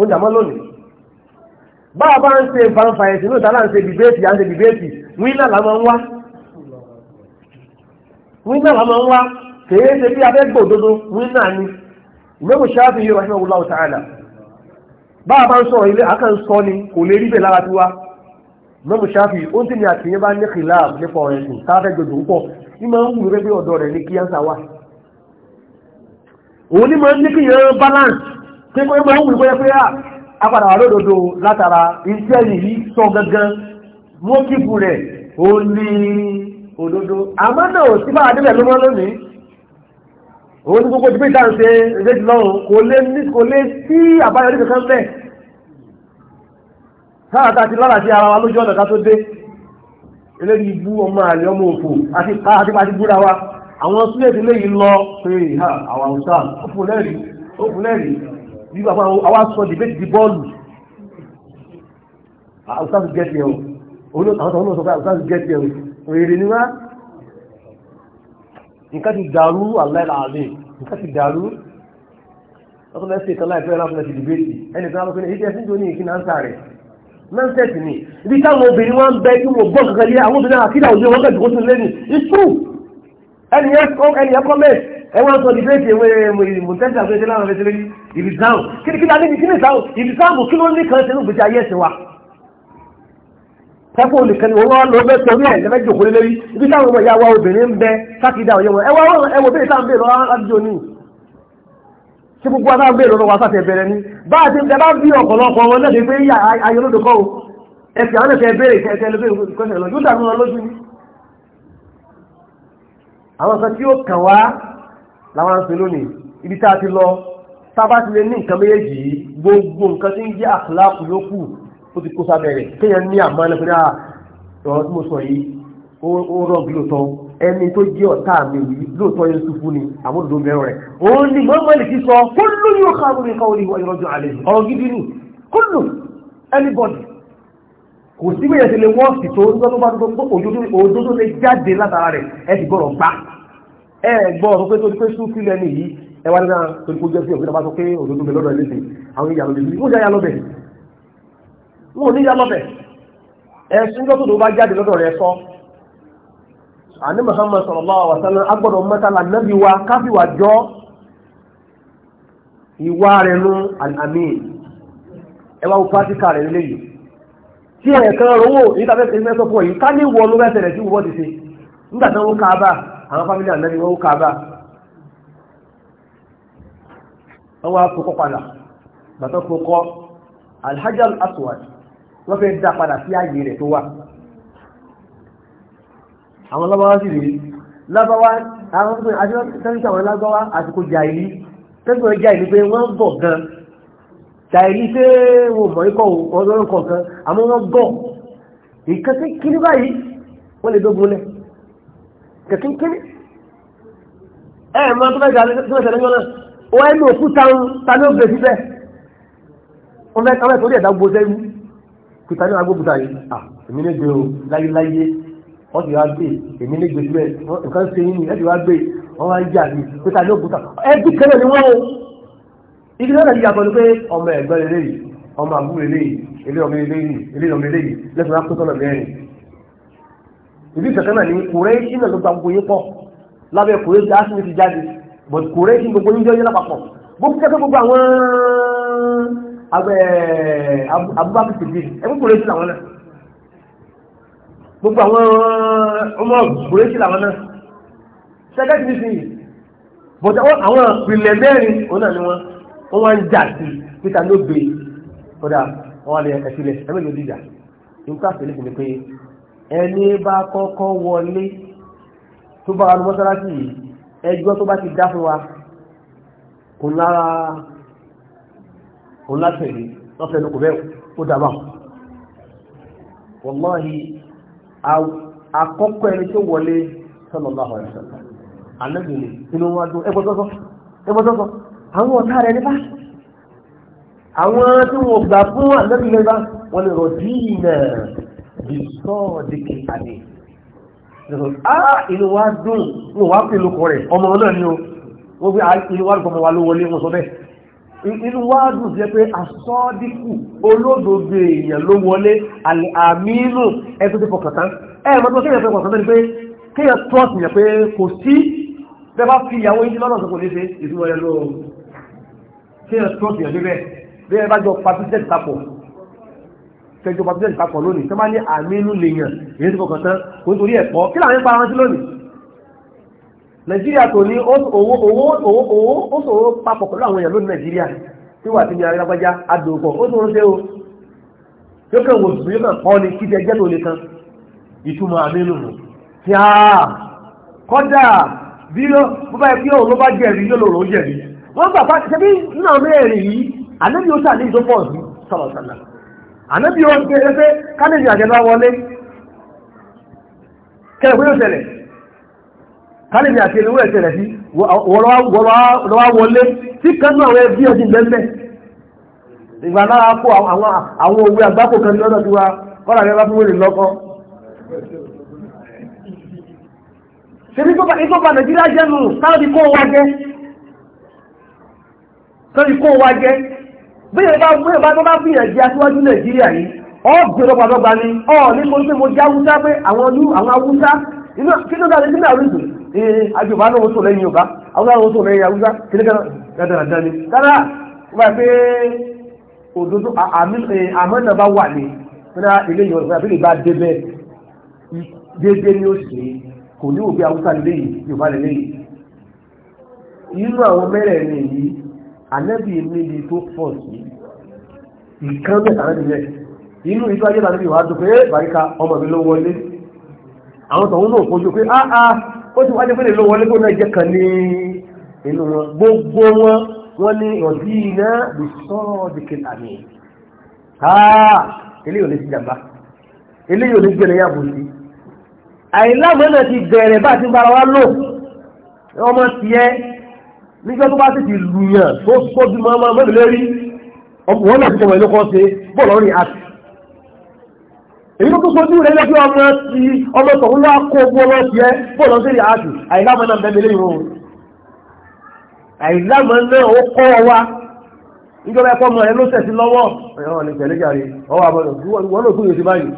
ó jàmọ́ lónìí bá a bá ń ṣe fanfa ẹ̀sìn ní ìtàlá ń ṣe dìbéètì à ń ṣe dìbéètì wínà là máa ń wá wínà là máa ń wá kèé ṣe bí abẹ́gbò òdodo wínà ni ìmọ̀mù ṣáàfin yóò wáṣẹ́ wùlá ọ̀tá àlà bá a bá ń sọ̀rọ̀ ilé àkàn sọ ni kò lè rí bẹ́ẹ̀ lára tiwa ìmọ̀mù ṣáàfin ó ń tì ní àtìyẹn bá ní kìlá nípa ọ̀rẹ́ sùn gbogbo púpọ̀ ní máa ń wù rẹ́ bí ọ̀dọ́ rẹ̀ ní kíyánsá wà òun ní máa ń ní kíyàn balance tí kò mọ́ wù pé ah, pé àpàdà wà lódodo látara iṣẹ́ yìí sọ gangan mú kíkù rẹ̀ ó ní òdodo àmọ́ náà ò sí bára débẹ̀ ló mọ́ lónìí òun ní gbogbo ìdíbò ìdáhùnṣe ìrètí lọ́rùn kò lè ní kò lè sí àbáyọrí kankan bẹ́ẹ̀ sáà tá a ti lára sí ara wa lójú ọ̀nà ká tó dé eléyìí ibú ọmọ àlè ọmọ òfò àti pa àti pa ti búra wa àwọn súnlẹ̀ tí léyìí lọ pé àwọn àwùjọ òfò lẹ́rìí lẹ́rìí bí bàbá àwa sọ dìbẹ́tì di bọ́ọ̀lù àwùsáàsì gẹ́tì ẹ̀ o àwọn tọ́wọ́n sọ pé àwùsáàsì gẹ́tì ẹ̀ o èrè ni wá nǹkan ti dàrú aláìláàlè nǹkan ti dàrú lọ́tọ́ lẹ́sẹ̀ kan láìpẹ́ láfẹ́ ti dìbẹ́tì ẹnì kan lọ́pẹ́ ní ìdí ẹ̀sìn tó ní ìkí náà ń sáré nonsense ni ibi táwọn obìnrin wọn ń bẹ kí wọn gbọ́ kankan yẹ àwọn obìnrin àkídà òye wọn kẹ́ ẹ wọ́n sọ dìbẹ́tì ewé mọ̀tẹ́sà fún ẹ̀sẹ̀ láwọn ẹ̀sẹ̀ lórí ìlú sáwọn kí ni kí ni alẹ́ kí ni sáwọn ìlú sáwọn kí ló ní kan ṣe ní gbèsè ayé ẹ̀sẹ̀ wa. tẹ́kọ̀ nìkan ni wọ́n wá lọ bẹ́ torí ẹ̀ lẹ́fẹ́ jòkó lé lórí ibi táwọn ọmọ ìyá wa obìnrin ń bẹ sákìdá òye wọn ẹ wọ bẹ́ẹ̀ sáà ń bẹ̀rẹ̀ lọ́wọ́ ní ṣé gbogbo adáwọn bẹ́ẹ̀ lọ́wọ́ sáfẹ́ bẹ̀rẹ̀ ni bá a ti ń bẹ bá bí ọ̀pọ̀lọpọ̀ wọn náà ṣe pé ayọ̀lódò kọ́ o ẹ̀sìn àwọn ẹ̀sẹ̀ bẹ̀rẹ̀ ìfẹ́ ẹ̀sẹ̀ lóbẹ̀rẹ̀ kọ́sẹ̀ lọ yóò dànù wọn lójú ni àwọn kan tí ó kàn wá làwọn ń ṣe lónìí ibi tá a ti lọ sábà ti lè ní nǹkan méjèèjì yìí gbogbo nǹkan tí ń jẹ́ àkàlàkù yókù ó ti kó sábẹ́ rẹ̀ kéèyàn ní àmọ́ ẹni náà ah, ọ̀rọ̀ tí mo sọ yìí ó rọ̀bì lóòótọ́ ẹni tó jẹ́ ọ̀tá mi yìí lóòótọ́ yẹn sùn fún ni àmúdòdó mẹ́rọ rẹ̀ òun ni mọ́mọ́lì ti sọ kúlù yóò ká lórí nǹkan orí ìrọ̀jù àlẹ́ ọ̀rọ̀ gidi ni kúlù anybody kò sí bẹ́ẹ̀ ṣe lè wọ́ọ̀sì tó ń gbọ́ tó bá tó tó òjò tó lè jáde látara rẹ̀ ẹ gbọ́dọ̀ gbà ẹ gbọ́ ọ̀rọ̀ pé tó di pé sún na nìyí ẹ wá nínú tó na kó jẹ́ sí ọ̀gbìn ọba pé òdodo bẹ lọ́dọ̀ ẹlẹ́sìn àwọn ìyá lọ́bẹ̀ wọ́n yá lọ́bẹ̀ wọ́n ní yá lọ́bẹ̀ ẹ̀sùn tó tó bá jáde lọ́dọ̀ sọ àní agbọ́dọ̀ nábì wa káfí wa jọ ìwà rẹ̀ nu àmì ẹ wá àwọn fámílì ànábì wọ́n kà bá wọ́n wá fòkọ́ padà bàtọ́ fòkọ́ alhajar aswad wọ́n fẹ́ dá padà sí ààyè rẹ̀ tó wà àwọn lọ́bàwá sì rí lọ́bàwá àwọn tó àti tẹ́lifí àwọn lágbàwá àsìkò jàìlì tẹ́lifí àwọn jàìlì pé wọ́n bọ̀ gan jàìlì pé wọ́n mọ̀ ikọ̀ ọ̀dọ́rùn kọ̀ọ̀kan àmọ́ wọ́n bọ̀ ìkàtí kí ní báyìí wọ́n lè dógun lẹ̀ kékeré ẹ ẹ máa tó bẹ́ẹ̀ sẹ́lẹ̀ tó bẹ́ẹ̀ sẹ́lẹ̀ yọ̀nà ó ẹ ní òkú táwọn ta ní òbẹ̀ síbẹ̀ wọ́n fẹ́ káwé torí ẹ̀dá gbọ́sẹ́ yìí kùtà ní agbókùtà yìí à èmi ní gbé o láyéláyé wọ́n ti wá gbé èmi ní gbé síbẹ̀ nǹkan ṣe yín ni ẹ ti wá gbé wọ́n wá ń jà ní kùtà ní òkúta ẹ bí kẹ́lẹ̀ ni wọ́n o ibi náà ti yàtọ̀ ni pé ọmọ ẹ̀gbọ́n eléyìí ọmọ àbúrò eléyìí eléyìí ọmọ eléyìí eléyìí ọmọ eléyìí lẹ́sìn wá kó sọ́nà mẹ́rin ìdí kankan náà ni kùrẹ́ṣì náà ló gba gbogbo yín pọ̀ lábẹ́ kùrẹ́ṣì asimi ti jáde but kùrẹ́ṣì gbogbo yín jọ yẹ lápapọ̀ gbogbo kẹ́kẹ́ gbogbo àwọn abubakar sidi ẹgbẹ́ kùrẹ́ṣì làwọn náà gbogbo àwọn ọmọ kùrẹ́ṣì làwọn náà ṣẹ́gẹ́ ti fi but àwọn ìpìlẹ̀ mẹ́rin òun náà ni wọ́n wọ́n wá ń jà sí peter ló gbé kódà wọ́n wá lẹ ẹ̀sílẹ̀ ẹ̀mẹ́lẹ́ ẹni bá kọ́kọ́ wọlé tó bá wọn mọ́sálásí yìí ẹjọ́ tó bá ti dá fún wa kò lára kò látẹ̀lé lọ́fẹ̀ẹ́ lóko bẹ́ẹ̀ ó dábà wọ́láhì àkọ́kọ́ ẹni tó wọlé sallallahu alaihi wasallam alẹ́gbẹ̀rẹ̀ àwọn tí wọ́n gbà fún alẹ́gbẹ̀rẹ̀ bá wọ́n lè rọ̀ dí bí sọ́ọ̀dìkì àdì ìlú wa dùn ní wà pẹ̀lú kọ rẹ̀ ọmọ náà ni ó bí ìlú wa dùn wà ló wọlé wọn sọ bẹ́ẹ̀ ìlú wa dùn jẹ́ pé asọ́ọ̀dìkù olódodo èèyàn ló wọlé àmínú ẹgbẹ́ tó fọkàn tán ẹ̀ mọ́tò kéèyàn fẹ́ fọkàn tán ni pé kéèyàn trọ́ọ̀tì yẹn pé kò sí bẹ́ẹ̀ bá fi ìyàwó yín lọ́nà tó kò ní ṣe ìdúró yẹn lóòrùn kéèyàn trọ́ọ̀tì kẹjọ bá bílẹ̀ ìpapọ̀ lónìí tó bá ní àmínú lèèyàn èyí tó kọ̀kan tán kò nítorí ẹ̀pọ̀ kí láàrin pa rántí lónìí nàìjíríà tó ní ó ṣòro papọ̀ pẹ̀lú àwọn èèyàn lónìí nàìjíríà tí wà sí ní arábájá adòpọ̀ ó ṣòro ṣe o yóò kàn wò sùn yóò kàn kọ́ ni kí ẹjẹ́ tó lè kan ìtumọ̀ àmínú mu tí a kọ́dà bí ló bá yẹ kí òun ló bá jẹ̀rí yóò lòrò jẹ̀rí wọ́n gbà pa ṣe bí nínú àwọn mẹ́rin yìí àlejò sàlejò pọ̀ sí sọ̀rọ̀ sàlẹ̀ ànábì wọn ṣe ẹsẹ kálẹ̀jì àjẹbá wọlé kẹwé ó ṣẹlẹ̀ kálẹ̀jì àti ẹnu rẹ̀ ṣẹlẹ̀ sí wọ́lọ́wọ́ wọlé tí kan náà rẹ̀ bí ọdún bẹ́ẹ̀ ìgbà náà kó àwọn òwe àgbákò kan ní ọ̀dọ̀ tí wa kọ́lá rẹ̀ bá fún wèrè lọ́kọ́ ṣebí tó bá ìtọ́ba nàìjíríà jẹ́ nù sáà bí ìrìnbá bí ìrìnbá tó bá fi ìrìnjẹ́ aṣíwájú nàìjíríà yìí ọ́ gbèrò pàdọ́gba ni ọ́ ní mo ṣe mo jẹ́ awúsá pé àwọn olú àwọn awúsá inú kí ló dára nínú àrùn ìdùn ee àjọba náà wọ́n sọ lẹ́yìn yorùbá awúsá wọ́n sọ lẹ́yìn awúsá kìnnìkan dáadáa dáadáa ni dáadáa wọ́n bá pé òdodo àmọ́nà bá wà ní fúnra ilé ìwọ̀n ìfúnra bílẹ̀ bá dé bẹ́ẹ̀ déédéé ni ó ṣe kò ní òbí awúsá lélẹ́yìn yorùbá lélẹ́yìn inú àwọn mẹ́rẹ̀ẹ̀rin yìí ànẹ́bì níbi tó pọ̀ sí ìkan mẹ́ta rẹ̀ nílẹ̀ inú ìjọ ayé lànà ìwà tó pé eh, bàríkà ọmọ mi ló wọlé àwọn tọ̀hún náà kojú pé áá ah, ah, ó ti wájú pé lè ló wọlé kó náà jẹ́ kan ní inú wọn gbogbo wọn wọn ní ọ̀dí iná lè sọ́ọ̀dìkì àmì áá ah, eléyìí ò lè ti jàmbá eléyìí ò lè gbẹ̀rẹ̀ yà bò sí àìláàmọ́ náà ti bẹ̀rẹ̀ bá ti bára wa lò ọmọ tiẹ̀ nígbà tó bá sì ti lùyàn tó sọ́jú máa mẹ́rin lérí wọ́n náà tẹ̀wọ̀ ìlú kan ṣe bọ́ọ̀lù ọ̀rìn àti èyí tó sọ́jú rẹ̀ lẹ́gbẹ́ ọmọ ti ọmọ tọ̀hún wá kó ogun ọmọ ti ẹ́ bọ́ọ̀lù ọ̀rìn àti àìlámọ̀ náà bẹ́ẹ̀ lẹ́yìn wọn àìlámọ̀ náà ó kọ́ ọ wa níjọba ẹ̀kọ́ ọmọ rẹ̀ ló tẹ̀sí lọ́wọ́ ọ̀yọ́ ni tẹ̀lé jàre ọwọ́ àbọ̀dọ̀ wọn ló tún yóò ti báyìí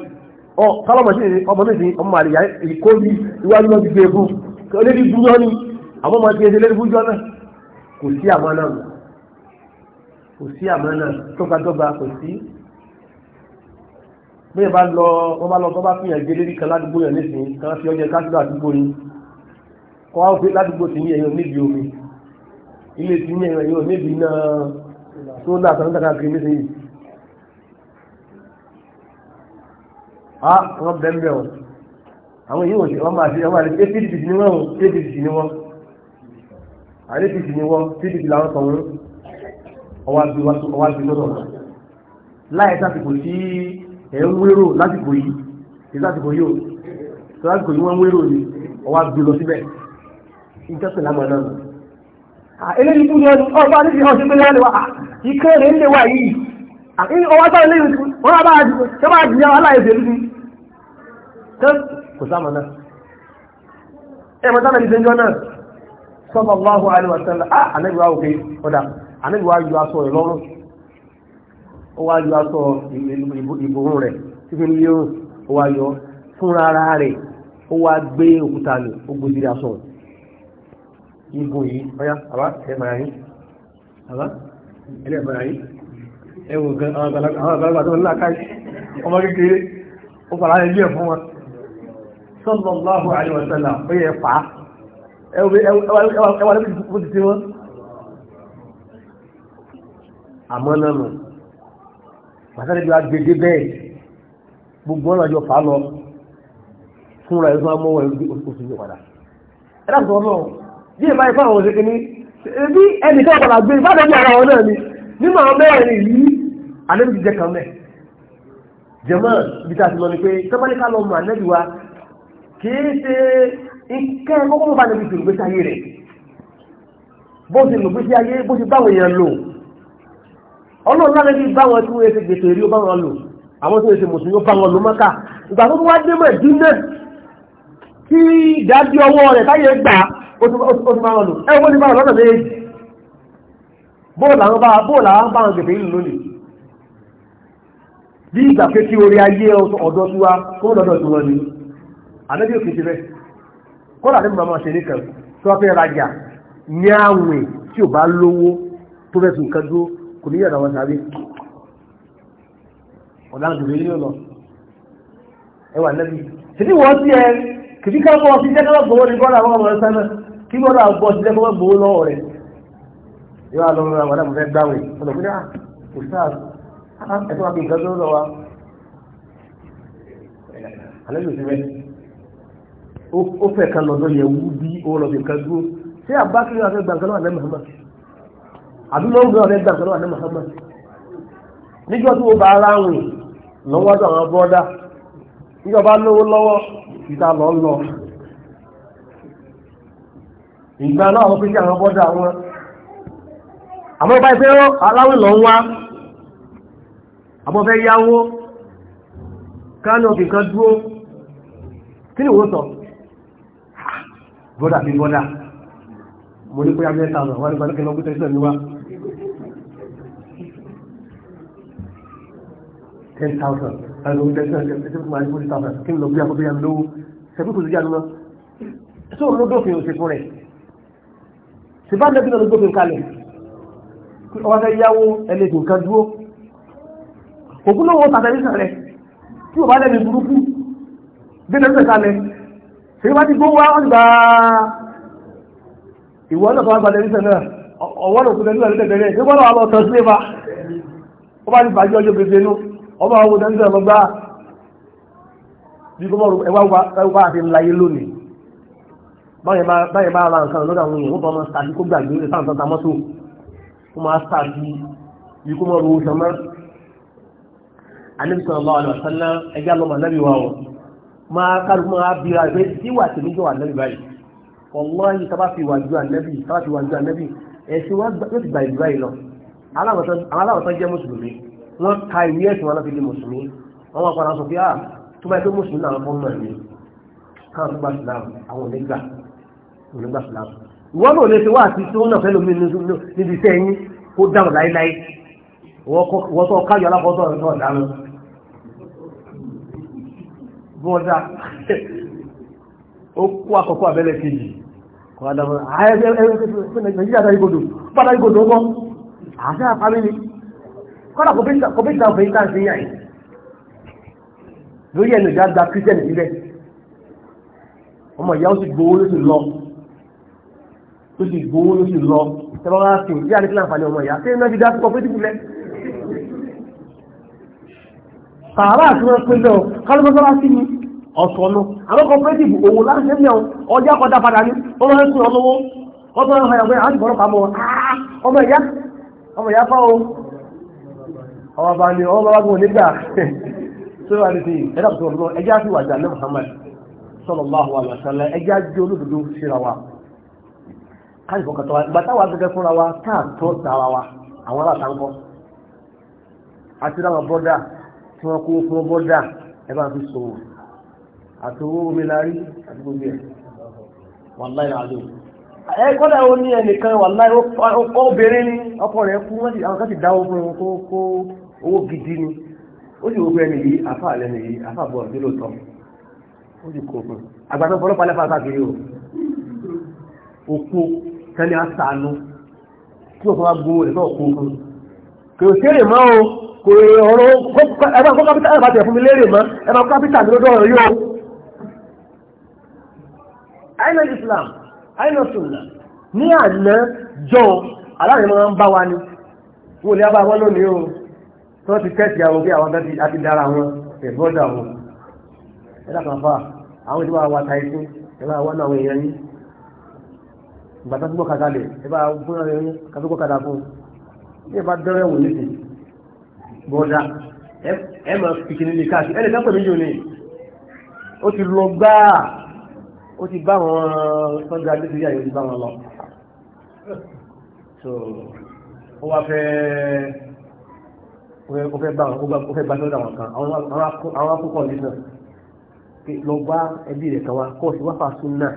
ọ kálọ̀mọ̀ sí ọmọ méjì ọmọ àlìyá ìkóbi iwájú lọ́ọ́ kò sí àmánà kò sí àmánà tọ́gbàtọ́gbà kò sí bí ìbá lọ wọ́n bá lọ tó bá fìyàn gé lérí kan ládùúgbò yẹn nísìnyí kan fi ọjọ́ kásìlò àdúgbò yìí kọ́ wá pé ládùúgbò ti ní ẹ̀yọ́ níbi omi ilé ti ní ẹ̀yọ́ níbi iná tó ní àtàwọn kàkà kiri nísìnyí. a wọ́n bẹ́ẹ̀ mẹ́wọ̀n àwọn yìí wọ́n máa ṣe wọ́n máa ṣe apdp ni wọ́n apdp ni wọ́n. àdéhùn ti ní wọ́n pdp làwọn sọ̀rọ̀ ọwá bí lọ́dọ̀ náà láì sásìkò tí ẹ̀ ń wérò lásìkò yìí kì í sásìkò yìí ò tó lásìkò yìí wọ́n ń wérò ni ọwá bí lọ síbẹ̀ ìjọsìn lámọ̀ náà eléyìí fún yẹn ọba ní ìhàn ṣe gbélé wa ìkẹ́ rẹ̀ ń lè wà yìí ọwá sáré lẹ́yìn wọn bá ṣe bá jìyà wà láì ṣèlú ni kò sáà mọ̀ náà ẹ̀ mọ̀ sallallahu alaihi wa sallam ah anabi wa òkè ọ̀dà anabi wa yọ aṣọ rẹ̀ lọ́rùn ó wá yọ aṣọ ìbòrún rẹ̀ títí ní yóò ó wá yọ fúnra ara rẹ̀ ó wá gbé òkúta lò ó gbé sílẹ̀ aṣọ igun yìí ọ̀yá àbá ẹ̀ máa yín àbá ẹ̀ máa yín ẹwọ gan àwọn àgbàlagbà tó ńlá káì ọmọ kékeré ó fara ilé ẹ̀ fún wọn sallallahu alaihi wa ó yẹ fàá ẹwà lẹ́bí ìfúkú ti tí wọ́n àmọ́ náà nù pàtàkì bí agbègbè bẹ́ẹ̀ gbogbo ọ̀nà àjọ fà lọ fúnra ẹ̀ fún amọ́wọ́ oṣù yóò padà ẹ̀dá sọ náà bí ìbá ifá àwọn òṣèké ní ebi ẹnì kan padà gbé ìbáṣẹ́ bí ara wọn náà ni nínú àwọn mẹ́rin yìí àlébí ti jẹ kan mẹ́ jẹ̀mọ́ ibi tá a ti lọ ni pé tọ́pálíkà lọ́mọ ànẹ́bí wa kì í ṣe Ike kọ́kọ́ bá níbi ìlú gbésí ayé rẹ̀ bó ti lù gbésí ayé bó ti báwọn èèyàn lò ọlọ́run lára bí báwọn tí wọ́n ti gbèsè rí ó báwọn lò àwọn tí wọ́n mùsùlùmí ó lò mọ́ká ìgbà tó wá dé kí ọwọ́ rẹ̀ táyé gbà ó ti máa lò ẹ wọ́n ti bóòlù àwọn gbèsè ìlú lónìí bí ìgbà pé kí orí ayé kọ́lá ní màmá ṣe nìkan tí wọ́n fẹ́ rajà ní àwìn tí ò bá lówó tó fẹ́ tún kan dúró kò ní yàrá wọn sáré ọ̀daràn tó lè lọ ẹwà nẹ́bí tìbí wọ́n sí ẹ kìbí ká bọ́ sí jẹ́kọ́ gbowó ní bọ́lá àwọn rẹ̀ ó fẹ́ kan lọ́dọ̀ yẹ wú bí ó lọ fi dúró ṣé àbákiri wà fẹ́ gba nǹkan lọ́wọ́ àbí lọ́wọ́ níjọ́ tí bá ara rìn lọ́wọ́ tó àwọn bọ́dá níjọba lówó lọ́wọ́ ìta lọ́ lọ ìgbà náà wọ́n fi ní àwọn bọ́dá wọn àmọ́ bá ìfẹ́ aláwìn lọ ń wá àbọ̀fẹ́ yáwó kánò kìkan dúró kí ni wọ́n sọ bọ́dà fi bọ́dà mo ní pé abẹ́ tààzà wọ́n ní pẹ̀lú kí lọ́gbẹ́tẹ̀ sílẹ̀ níwá 10,000 ẹ̀rọ ìgbẹ́sẹ̀ ẹ̀sẹ̀ fún àìkú ìtàfà kí n lọ bí akọ́bí yàmì lówó ṣẹ̀bí kò sí jáde lọ tó ń lọ́dọ̀fin òsè fún rẹ̀ ṣe bá lẹ́bí náà lọ́dọ̀fin kalẹ̀ ọba fẹ́ yáwó ẹlẹ́dùn nǹkan dúró òkú lówó tàbí sàn rẹ̀ tí ò bá lẹ́bi burúkú gbé lẹ́bí kalẹ̀ wá ti gbówá wọ́n gbà ìwọ náà fọwọ́ gbàdẹ̀ nísẹ̀ náà ọwọ́ ló kúrẹ́ nílẹ̀ nílẹ̀ tẹ̀lé ṣé gbọ́dọ̀ àwọn ọ̀tọ̀ sílẹ̀fà ó bá ti bàjẹ́ ọjọ́ gbèsè inú ọba àwọn ọmọdé nísẹ̀ lọ́gbà bí gbọ́dọ̀ ẹwà àti ńlá yé lónìí báyìí máa ra nǹkan lọ́dọ̀ àwọn èèyàn wọ́n bá máa sàbí kó gbàgbé ní sáǹtàn ta mọ́tò ó máa sàbí bí kó mọ́ ro oṣù mọ́ máa kálukú máa bíra ìwé síwà tèmi jọ ànábì báyìí ọlọ́yìn tá bá fi wà ju ànábì tá bá fi wà ju ànábì ẹ̀sìn wọn yóò ti gba ìlú báyìí lọ aláwọ̀tán aláwọ̀tán jẹ́ mùsùlùmí wọ́n ka ìwé ẹ̀sìn wọn lọ́fi di mùsùlùmí wọ́n wọ́n padà sọ pé ah tó bá yẹ pé mùsùlùmí náà fọ́n náà ni káwọn tó gbà sílámù àwọn onígbà onígbà sílámù ìwọ́n náà lè ṣe wá àti tí náà fẹ́ lómi níbi iṣẹ́ yín kó dáhùn láéláé wọ́n tó bọ́dá ó kó àkọ́kọ́ abẹ́lẹ̀ kejì kọ́ adámọ́ nàìjíríà tàbí gbogbo padà gbogbo ọgbọ́ àṣà àpamí ni kọ́dà kọ́bíkà ọ̀fẹ́ ìta ṣe yàí lórí ẹnu ìjà gba kírísítẹ́nì sílẹ̀ ọmọ ìyá ó sì gbowó ló sì lọ tó sì gbowó ló sì lọ tẹ́lọ́ wá sí ìdí àdékí láǹfààní ọmọ ìyá tẹ́lẹ́ náà ti dá sí kọ́pẹ́tìfù lẹ́ tààrà àti wọn pé lọ kálọ́mọ́sọ́lá sí ni ọ̀sọ̀nù àwọn cooperative òwò láṣẹ́ ní ọjà padà ní ọlọ́wọ́ ah, ọmọ ọmọ ọmọ bá ní ọmọ bá nígbà [laughs] tó wà nítorí ẹ̀dá tó lọ ẹjá sí wàjà ní Muhammad sallallahu alaihi wasallam ẹjá olódodo síra wa káyì fọkàtọ fúnra wa káàtọ wa àwọn àti láwọn tí kó àtòwó omi larí àti gbogbo ẹ̀ wàláì làálù ẹ kọ́dà ó ní ẹnìkan wàláì ó bẹ̀rẹ̀ ní ọkọ rẹ̀ kú wọ́n sì àwọn kan sì dáwọ́ fún un kó owó gidi ni ó sì wọ́pẹ́ ẹni yìí afá àlẹ́ ni yìí afá bọ̀ ọ̀dọ́ lóòótọ́ ó sì kó fún un àgbàdo ọlọ́pàá lẹ́fà káàkiri o òkú tẹ́lẹ̀ àtàánú tí ó fún wa gbówó rẹ̀ náà fún un mọ́ o kò ọ̀rọ̀ ẹ̀ma kó kápítà ẹ̀ma àìnà Islam àìnà sunna ní àná jọ aláàrin máa ń bá wa ni wọ́n lè bá wọn lónìí o tó ti tẹ́sì àwọn bí àwọn tẹ́sì àti dára wọn ẹ̀bọ́dà wọn ẹ̀dá kan fà àwọn ìdíwà wa ta ikú ẹ̀bá wọn àwọn èèyàn yìí ìgbà tó gbọ́ kàkà lè ẹ̀bá fún ọ̀rẹ́ yín kàtó gbọ́ kàkà fún ní ẹ̀bá dọ́rẹ́ wò nísì bọ́dà ẹ̀ máa fi ó ti bá wọn sọ́jà gbé sílẹ̀ yóò ti wọn lọ so ó wá fẹ́ ó fẹ́ bá wọn ó fẹ́ bá sọ́jà wọn kan àwọn akókò ní náà lọ bá ẹbí rẹ̀ kan wá kó sì wá fàásùn náà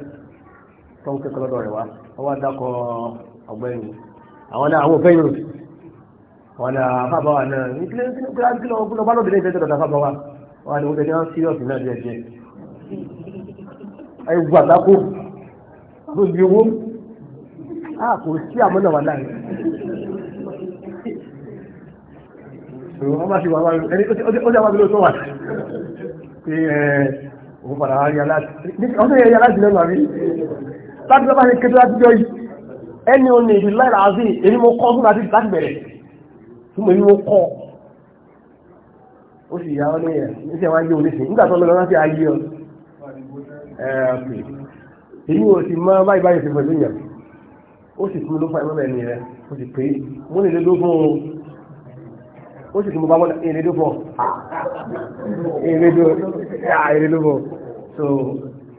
tó ń kẹ́kọ̀ọ́ lọ́dọ̀ rẹ̀ wá ó wá dákọ̀ ọ̀gbẹ́ni àwọn náà àwọn òfẹ́ wọn ni àfàbà wà náà ní kílẹ̀ kílẹ̀ kílẹ̀ bá lọ́bìnrin ìfẹ́ tẹ̀lọ́ta àfàbà wà wọn ni wọ́n ẹ̀wù àtàkù lóbi owó a kò sí àmọ́nà wà láì. wọ́n bá ti wà wáyé ẹni ó ti àwọn abilé tó wà pé òun padà wá rí aláàtì ọ̀hún tó yẹ rí aláàtì lẹ́nu àbí láti lọ́ba ní kékeré láti jọ yìí ẹni ò ní ìlú láìra àti èmi mo kọ́ fún láti bẹ̀rẹ̀ fún mi mo kọ́ ó sì yá ọ ní ẹ̀ ní sẹ́wọ́n ayé òní sí nígbà tó lọ́nà láti ayé ọ ẹ̀ẹ́pì èyí ò ti máa báyìí báyìí ti pẹ̀lú ìyàn ó sì fún mi ló fún ẹ̀mọ́ ẹ̀mí rẹ̀ ó sì pé mo lè lédó fún un ó sì fún mi bá mọ́ ìrèdó fún ìrèdó ìrèdó fún so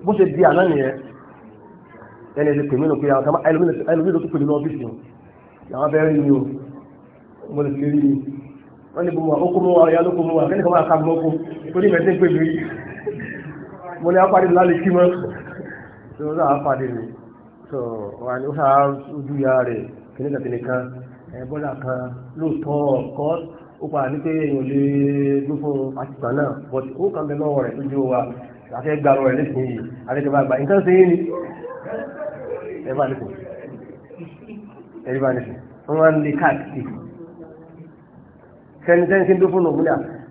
bó ṣe di àná nìyẹn ẹni ẹni pè mí nù pé àwọn kan ẹlòmíì ló tún pè mí ní ọ́fíìsì làwọn fẹ́ rí mi o mo lè fi rí mi wọ́n ní gbogbo àwọn okòmọ́wà ọ̀yà lókòmọ́wà kẹ́ni kan máa ka mọ́kò torí mẹ́tẹ́ pè mí rí mo ní apáde lálẹ́ kí mọ́ tó ń náà apáde mi tó wà ní oṣù ojú ya rẹ̀ kìnnìkan kìnnìkan bọ́lá kan lóòótọ́ ọ̀kọ́ ó padà ní pé èèyàn lè gbé fún àtìgbà náà bọ́tí ó kàn bẹ lọ́wọ́ rẹ̀ lójú wa àti ẹgbà rẹ̀ nísìnyí àti ẹgbà àgbà nǹkan ṣe é ni ẹ bá nìkan ẹ bá nìkan wọ́n wá lè káàkiri sẹ́ni sẹ́ni sí ń dó fún òun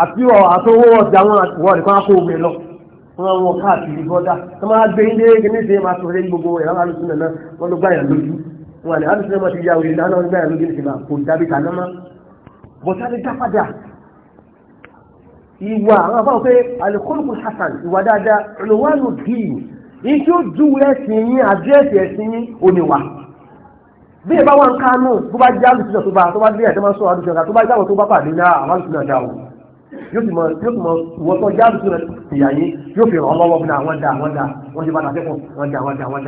àti ọ̀ àtọwọ́ ọ̀dà wọn wọ́n nìkan kó omi lọ wọ́n wọ́n káàkiri bọ́dá tó máa gbé ilé kíní ṣe máa sọ̀rọ̀ ní gbogbo ẹ̀rọ alùsùn náà wọ́n ló gbàyàn lójú wọn ni alùsùn náà ti ya òye dáná wọn gbàyàn lójú nìkan kò dábì tà náà bọ́sálẹ̀ dá padà ìwà àwọn afáwọn pé alikọ́lùkù hasan ìwà dáadáa olùwàlù dìí ní tí ó júwe ẹ̀sìn yín àdírẹ́sì ẹ̀sìn yín oníwà bí ìbá wọn kánú tó bá jẹ́ alùsùn náà tó bá tó bá gbé ẹ̀ tó bá sọ alùsùn náà tó bá jáwọ́ tó bá pàdé náà àwọn alùsùn náà dáwọ́ yóò sì mọ yóò sì mọ wọ́tọ̀ na tó rẹ̀ ìyá yín yóò fi ràn lọ́wọ́ fúnra wọn dà wọn dà wọn bá wọn wọn wọn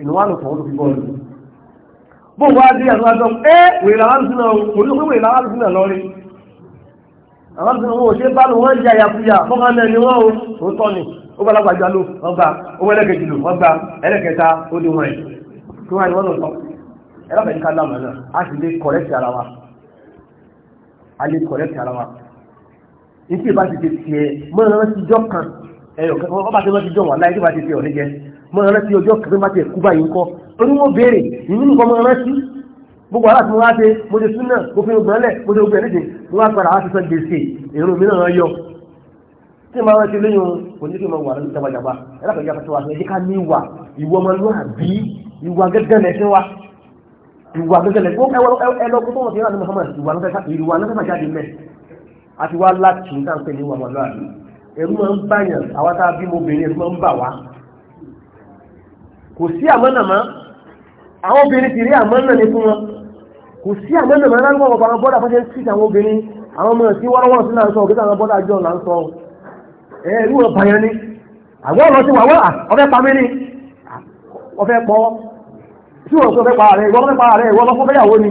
ìnú wa ló fọ̀ ló fi bọ́ọ̀lù. bó wá dé àwọn àjọ ẹ wèrè làwọn àlùsùn náà wèrè làwọn àlùsùn náà àwọn àlùsùn wọn ò ṣe bá wọn jẹ àyàfúyà wọn ò tọ́ ni ó bá lágbàjá wọn wọn ẹlẹ́kẹta ó wọn ìpè bá ti ti tiẹ̀ mọ́ ẹ̀rọ ti jọ́ kan ẹ̀yọ̀ kan wọ́n bá ti rántí jọ̀ wà láyé tí bá ti tiẹ̀ ọ̀rẹ́ jẹ mọ́ ẹ̀rọ ti ọjọ́ kan tó bá ti ẹ̀kú báyìí ńkọ́ torí wọ́n béèrè ìlú nìkan mọ́ ẹ̀rọ sí gbogbo ara tí mo wá ṣe mo ṣe súnà mo fi gbọ́n lẹ̀ mo ṣe gbẹ̀ nídìí mo wá padà wá ti sọ gbèsè èrò mi náà yọ tí màá rántí lẹ́yìn kò ní kí n máa wà lórí jabajaba ẹlẹ́kọ̀ọ́jà fẹ́ wá sí ẹjẹ́ ká ní ìwà ìwà ọmọlúwàbí ìwà gẹ́gẹ́ lẹ́sìn wa ìwà gẹ́gẹ́ lẹ́sìn wa ẹlọ́kùn tó wọ́n ti rà ní Muhammad ìwà lọ́fẹ́ jáde mẹ́ àti wá láti ní táǹpẹ̀ ní wàmọ̀ lọ́wọ́ àbí ẹ̀rú máa ń báyàn àwọn tá a bí obìnrin ẹ̀rú máa ń bà wá kò sí àmọ́nàmọ́ àwọn obìnrin ti rí àmọ́nà ní fún wọn kò sí àmọ́nàmọ́ láńgbọ̀n ọ̀pọ̀ àwọn bọ́dà fẹ́ẹ́ sí àwọn obìnrin àwọn ọmọ sí wọ́rọ́wọ́ sí là ń sọ òkúta àwọn bọ́dà jọ là ń sọ ẹ̀rú wọn bàyàn ni àgbọ̀ ọ̀rọ̀ ti wà wọ́n ọ̀fẹ́ pa ni ọ̀fẹ́ pọ̀ sí wọn fẹ́ pa rẹ̀ ìwọ́n fẹ́ pa rẹ̀ ìwọ́n lọ́fọ́ fẹ́yàwó ni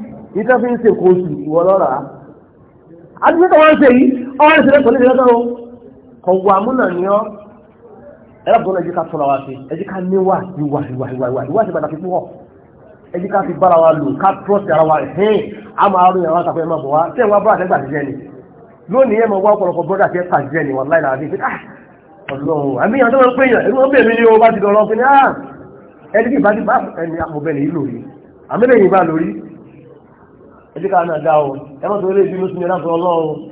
ìtẹ́ fi ń ṣe kò ìwọ lọ́ra wọ́n yìí ọwọ́ pẹ̀lú kọ̀wọ́ àmúnà ni ọ́ ká wa ká níwà ìwà ìwà ìwà ìwà ìwà ká fi bára wa lò ká ara wa hẹ́n a máa rún ìyàwó àtàkùn bọ̀ wá tẹ́ wá bọ́ọ̀lù àtẹ́gbà ti ni lónìí ẹ̀ máa wá ọ̀pọ̀lọpọ̀ ni wà ẹjíká náà dá o ẹmọ́ tó lè bínú sínú ẹ̀láfẹ́ ọlọ́run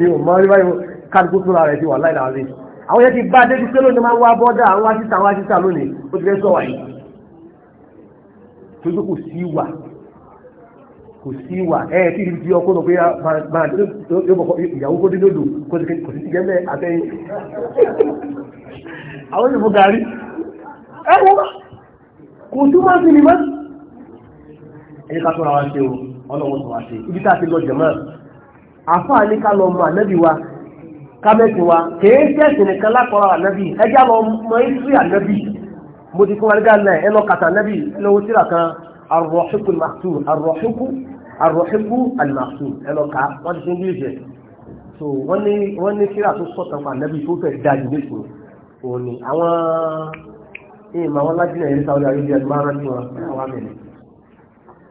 ni o [laughs] mọ́ rí báyìí kálukú tó ra rẹ̀ ti wà láì láàrin àwọn yẹn ti bá débi pé lónìí máa ń wá bọ́dà àwọn aṣíta àwọn aṣíta lónìí ó ti fẹ́ sọ wáyé tójú kò sí wà kò sí wà ẹ ẹ tí ibi tí ọkọ lọ pé máa ìyàwó kó dídòdò kò sí ti gẹ́gẹ́ àtẹ́yìn [laughs] àwọn ìfò gàrí ẹ wọ́n kò túmọ̀ sí ni mọ́ ẹ̀yìn ká tó ra wá ṣe o ọlọ́run tó wá sí ibi tá a ti lọ jẹ̀mọ́ àfáà ní ká lọ mọ ànábì wa kámẹ́sì wa kèé tẹ̀sì nìkan lákọ̀ọ́ra ànábì ẹjá lọ mọ ìsúrí ànábì mo ti fún wa nígbà náà ẹ lọ kàtà ànábì lọ́wọ́ síra kan arọ̀ṣíkù màṣù arọ̀ṣíkù arọ̀ṣíkù àlùmàṣù ẹ lọ kà wọ́n ti fún bí ìjẹ́ so wọ́n ní wọ́n ní síra tó sọ̀tàn pa ànábì tó fẹ́ da jù nípò òní àwọn ìmọ̀ àwọn lájìnà ìrísà orí ayélujára máa rántí wọn àwọn àmì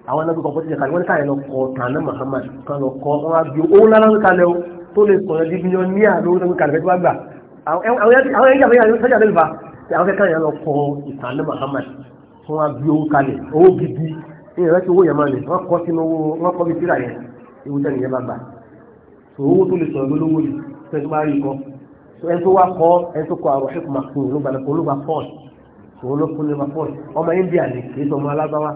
àwọn ẹlẹ́gbẹ́ kan fọ́tíjẹ kalẹ̀ wọ́n ní káyẹ̀ lọ kọ tànà Muhammad kan lọ kọ wọn àbí owó ńlá lọ́nà kalẹ̀ o tó lè sọ̀rọ̀ di mílíọ̀n ní àlọ́ lọ́nà kalẹ̀ fẹ́ẹ́ gbà àwọn ẹ̀yà fẹ́ẹ́ yàrá sọ́jà lẹ́lẹ́fà àwọn kẹ́kẹ́ yẹn lọ kọ ìtànà Muhammad wọn àbí owó kalẹ̀ owó gidi ìyẹn rẹ́ ti owó yẹn máa lè wọ́n kọ́ sínú owó wọ́n kọ́ bí síra yẹn ewu tẹ́ni yẹn bá gbà owó tó lè sọ̀rọ̀ lólówó yìí fẹ́ẹ́ tó bá rí ikọ́ ẹni tó wá kọ́ ẹni tó kọ àrùn ṣẹ́kù máa